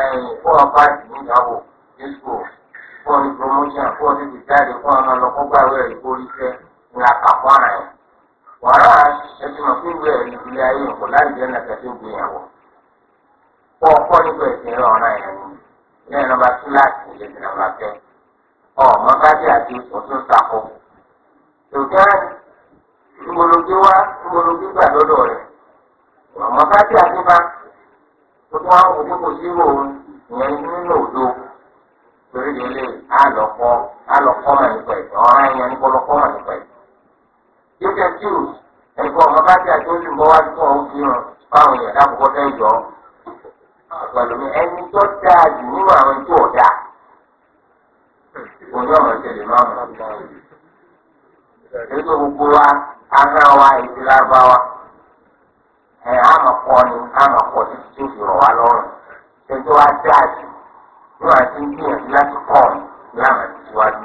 Speaker 1: ẹ̀yìn fún ọba ìdíyàwó disco fún ọdún promotion fún ọdún ìjáde fún ọmọ ọlọ́kọ́ gbàwé ẹ̀rí kórí iṣẹ́ ní àkàkọ́ ara yẹn. wàrà ìwé ayé fún ọkọ nípa yẹn ni ilé sọ̀tàn ńgbọ̀lógé wá ńgbọ̀lógé gbà lọ́dọ̀ rẹ̀ ọ̀mọ kájí àdébá tó tún wá òkú kò sí rò ìyẹn nínú òdo torí délé àlọ́kọ́ àlọ́kọ́ mà nípa ẹ̀ ọ̀rá ìyẹn nípọ̀lọ́kọ́ mà nípa ẹ̀. Jésù Júùs ẹ̀gbọ́n ọ̀mọ kájí àdébá bọ́ wá tó ọ̀hún fi hàn fáwọn èèyàn dákòókò fẹ́ yọ ọ̀pẹ̀lómi ẹni tó dáa jù nínú àwọn tó ọ̀dà òní ọ̀mọ̀ ìṣẹ̀lẹ̀ máa mú ẹgbẹ́ gbogbo wa ara wa èdè lábáwa ẹ ama ni fi wa dáa jù bí wàá ti ń gbìyànjú láti kọ́ ọ̀hún ní àmọ̀ ìtìwájú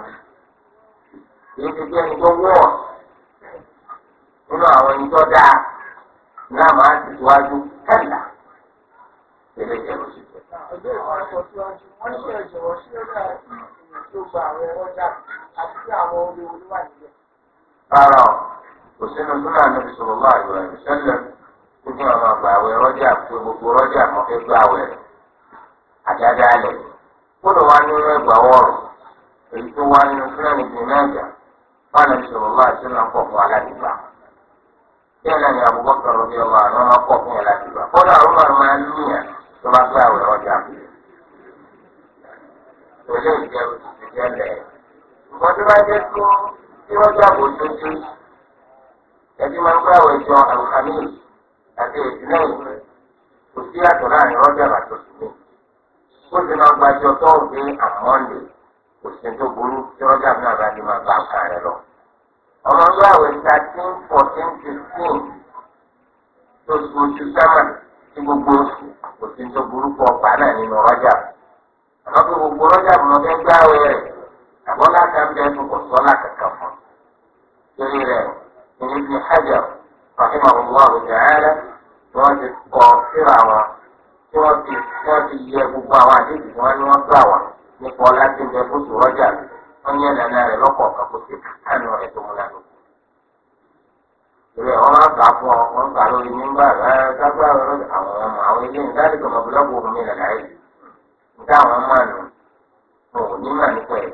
Speaker 1: èyí ti bí ẹni tó wọ̀ nínú àwọn ẹni tó dáa ní àmọ̀ sí rárá o kò sínú súnà níbi sọ̀rọ̀ bá àgbà rẹ̀ sẹ́lẹ̀ gbogbo àwọn àgbà àwẹ̀ gbogbo rọ́jà mọ́ fẹ́ gbà àwẹ̀ rẹ̀ àdáda alẹ̀ gbọ́dọ̀ wá nínú ẹgbà wọ́ọ̀rọ̀
Speaker 2: tí wọ́n jábọ̀ tó dé ẹbí máa ń gbọ́ àwọn ẹjọ́ àlùfáàní àti ìdílé kò sí
Speaker 1: àtọ̀ láàrin àtọ̀ sílẹ̀ ó sì máa gbàjọ tó ń gbé àmọ́lé kò tó burú tí rọ́jà náà máa bá rẹ lọ. ọmọ àwọn tó ojú tí gbogbo
Speaker 2: oṣù tó burú náà nínú àmọ́
Speaker 1: àbọ̀lá kan bẹ́ẹ̀ fún kò sọ́lá kankan fún un. torí rẹ̀ ìní ọ lórí nígbà gbàgbà àwọn ọmọ àwọn ilé ìdárí gbọmọ omi nígbà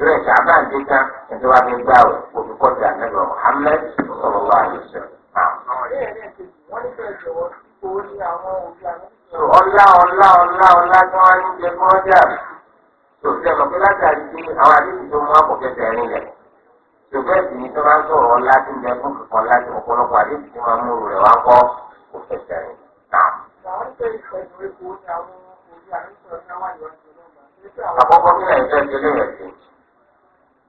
Speaker 1: ìrẹ̀ ṣàbá ń dín tán ẹ̀jẹ̀ wa fi gbà wẹ̀ òfin kọjá nẹ́bí wa Muhammad sọ̀rọ̀ wa àyè sọ. ọlá ọlá ọlá ọlá tí wọ́n ń jẹ kí wọ́n jà tòṣì ẹ̀mọ̀ pé látàrí pé àwọn àdéhùn tó mú àkọ́kẹ́sẹ̀ rìn rẹ̀ tòṣì ẹ̀sìn ni tó máa ń sọ̀rọ̀ ọlá tí ń jẹ fún kíkan ọlá tí ọ̀pọ̀lọpọ̀ àdéhùn tó máa ń mú rẹ̀ wá kọ́ kò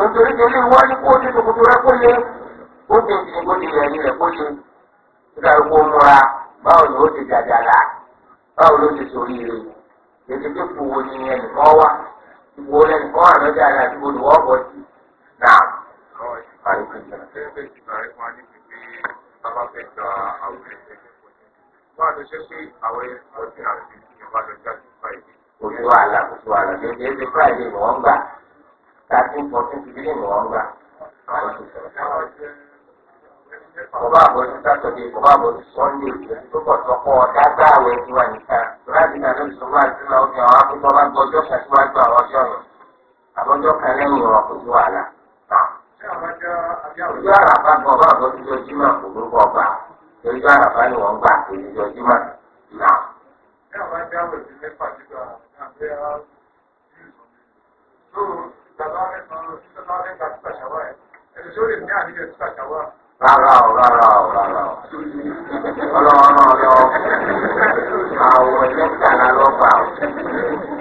Speaker 1: nítorí délé wọ́n ní kó ní tòkòtò kó lé ó dé ìdí kó lè yẹ̀yìn rẹ kó lé nígbà gbogbo múra báwo ni ó ti dàdàlà báwo ló ti sòrí ètò tó kù wo ni ẹnìkan wà ìwò ẹnìkan wà lọ́jà rẹ àti ìwòlùwọ́ ọ̀bọ̀ sí náà. Bàbá fẹ́ gba àwọn ẹgbẹ́ ìfọ̀jẹ́. Báwo ló ṣe pé àwọn ni wọ́n gbà. thirteen fourteen fifteen ni wọ́n gbà àwọn ti sọ̀rọ̀. Bọ̀bá àbọ̀dún sátọ̀dé, bọ̀bá àbọ̀dún sọ́ndé, èyí tó pọ̀ tọ́kọ́ dágbà àwẹ̀ tí wà nìkan. Láti náà lóṣù tó máa àwọn kan Ojú gbà. Ojú ni gbà ní Ṣé àwọn Tàbárẹ̀ kan tàbárẹ̀ kan ti pàṣàwà ẹ̀. Ẹ̀sùn sórí mi ní àníyàn ti pàṣàwà. Rárá o, rárá o, rárá o. Ọlọ́run náà lọ. Àwọ̀ ẹ̀lẹ́kàlà lọ bá o.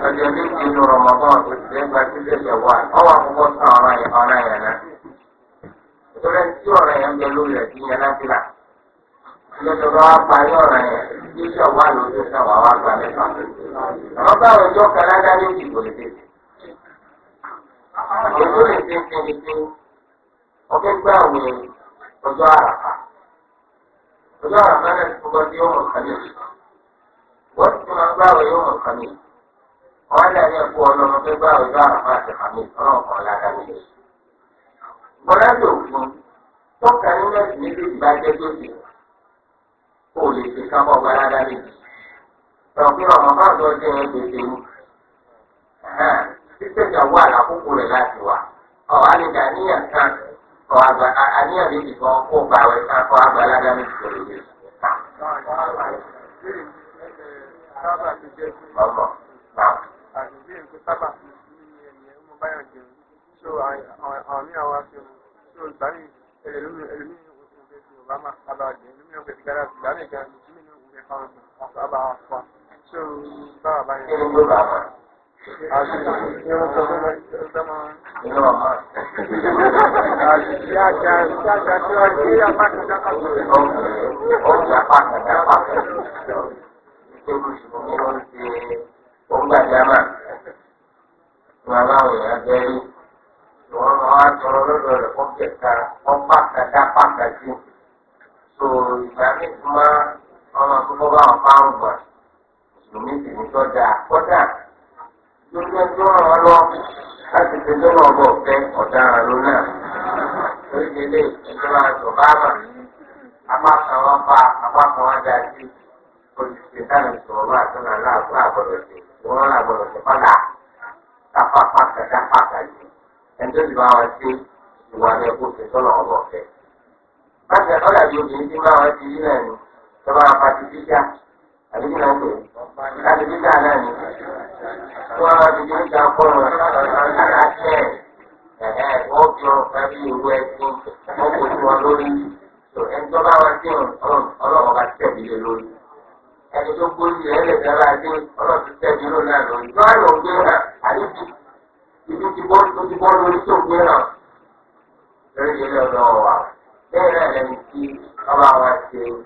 Speaker 1: Ọjọ́ méjì inú Rọmọgán tó ti lẹ́gbà sí lẹ́yẹ̀ wá. Ọwọ́ àkọ́kọ́ sọ ọ̀rọ̀ yẹn ọ̀rọ̀ yẹn náà. Ìtọ́lá tí ọ̀rọ̀ yẹn ń bẹ lórí ẹ̀ ti ọ̀rọ̀ yẹn ètò lè ṣe ṣe ni pé ọ̀fẹ́ gbá àwẹ̀ ọjọ́ àràfà ọjọ́ àràfà náà ti kọ́kọ́ sí ọmọ kan ní wọ́n ti máa gbá àwẹ̀ ọmọ kan ní wọ́n dà ní ẹ̀kọ́ ọlọ́mọ fẹ́ gbá àwẹ̀ ọjọ́ àràfà àti àmì ọlọ́ọ̀kan ládàá ní. bọ́lá tó fún tọ́ka nínú ẹ̀sìn méjèèjì bá jẹ́ gbèsè kó o lè ṣe kápọ̀ gbá ládàá ní. ìrọ̀kúrọ̀ ọmọ bá àtọ́jú ẹ̀ gbèsè mú títẹ̀ kan wà lákòókò rẹ̀ láti wà ọ̀ àlejò àníyàn kan ọ̀ àgbà àníyàn méjì kan kó gba àwẹ̀ kan kọ́ àgbà aládá ní ẹnìyẹn mo bá yàn so àwọn mi àwọn so ìgbà mi ẹlẹ́lómi ẹlẹ́lómi òun fẹ́ fi ọba máa sábà jẹ ẹlẹ́lómi òun fẹ́ fi gára ìgbà mi gan so Àṣìṣe ń sọ lọ́wọ́ inú ọmọ. Àṣìṣe àjà àjà tí wọ́n gbé apákàtà kan lórí. Ó ń jẹ́ apákàtà pàtó. Ìjọba Mùsùlùmí ló ń ṣe ọgbàdámà. Ìwà báwọn èèyàn bẹ́rí. Ìwọ́n máa wá tọrọ lọ́dọ̀ rẹ̀ kọ́ kẹta kọ́ pàkàtà pàkàtì. So ìgbà mi tún máa ọmọ àkókò bá wọn fáwọn gbà. Mùsùlùmí sì ní sọ́jà kọ́dà gbogbo ẹjọ́ àwọn lọ láti ṣe tó lọ bọ̀ fẹ́ ọ̀daràn ló náà lórí délé ìjọba àjọ báàmà apákan wọn pa apákan wọn dá sí olùsèlú táwọn ìṣòro bá àtúnà láàbọ̀ àbọ̀dọ̀ sí wọn làbọ̀dọ̀ sí padà kápá pàkà dápà kàjú ẹjọ́ ìbá wọn sí ìwà ní ẹkú ṣe tó lọ bọ̀ fẹ́. bákan náà ọ̀làbí obìnrin tí máa wọn ti rí náà ni tọ́ba apá ti fi já. àbí kí náà pè é láti dídá náà ni tí wọ́n ti di níta kọ́nù àti ẹ̀ ẹ̀ wọ́n fi ọ̀pẹ́ bí ìwé ẹ̀sìn wọ́n kò sí wọn lórí ẹni bá wá sí lé lórí ẹni tó lórí náà lórí ibi bọ́ tó ti bọ́ lórí tó gbé lórí ilé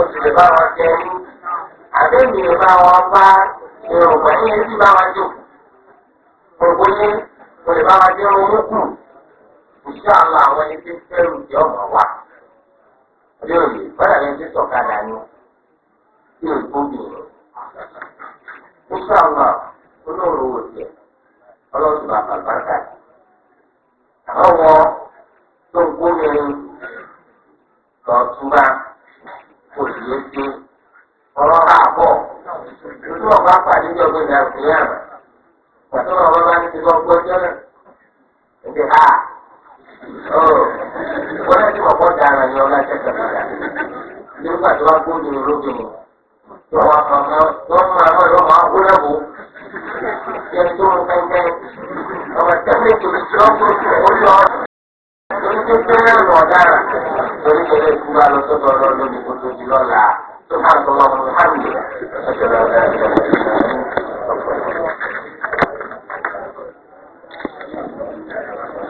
Speaker 1: ó sì lè bá wọn jẹ ní àbẹ́mi lè bá wọn bá yorùbá yẹn sì bá wọn jò gbogbo yẹn kò lè bá wọn jẹ owó kù ìṣe àwọn àwọn ẹni tí fẹ́rù jẹ́ ọmọ wa yóò lè bọ́dà ní ti sọ̀kadà ni yóò gbóbi rẹ̀ ìṣe àwọn olóòrò wò tiẹ̀ ọlọ́sùn àbàbàkà àwọn tó gbóbi rẹ̀ lọ́tún bá. kò yé dé ọ̀rọ̀ náà bọ̀ tí ọba bá pàdé ní yàrá pàtó bá ní ti lọ náà ha oh! ọlá tẹ̀sán wọn kàn yẹn tó ọmọ tẹ́lẹ̀ tó ti 就别人老家，所以现在不管农村、农村、农村、农都看多了，都看腻了，不知道该
Speaker 2: 干啥。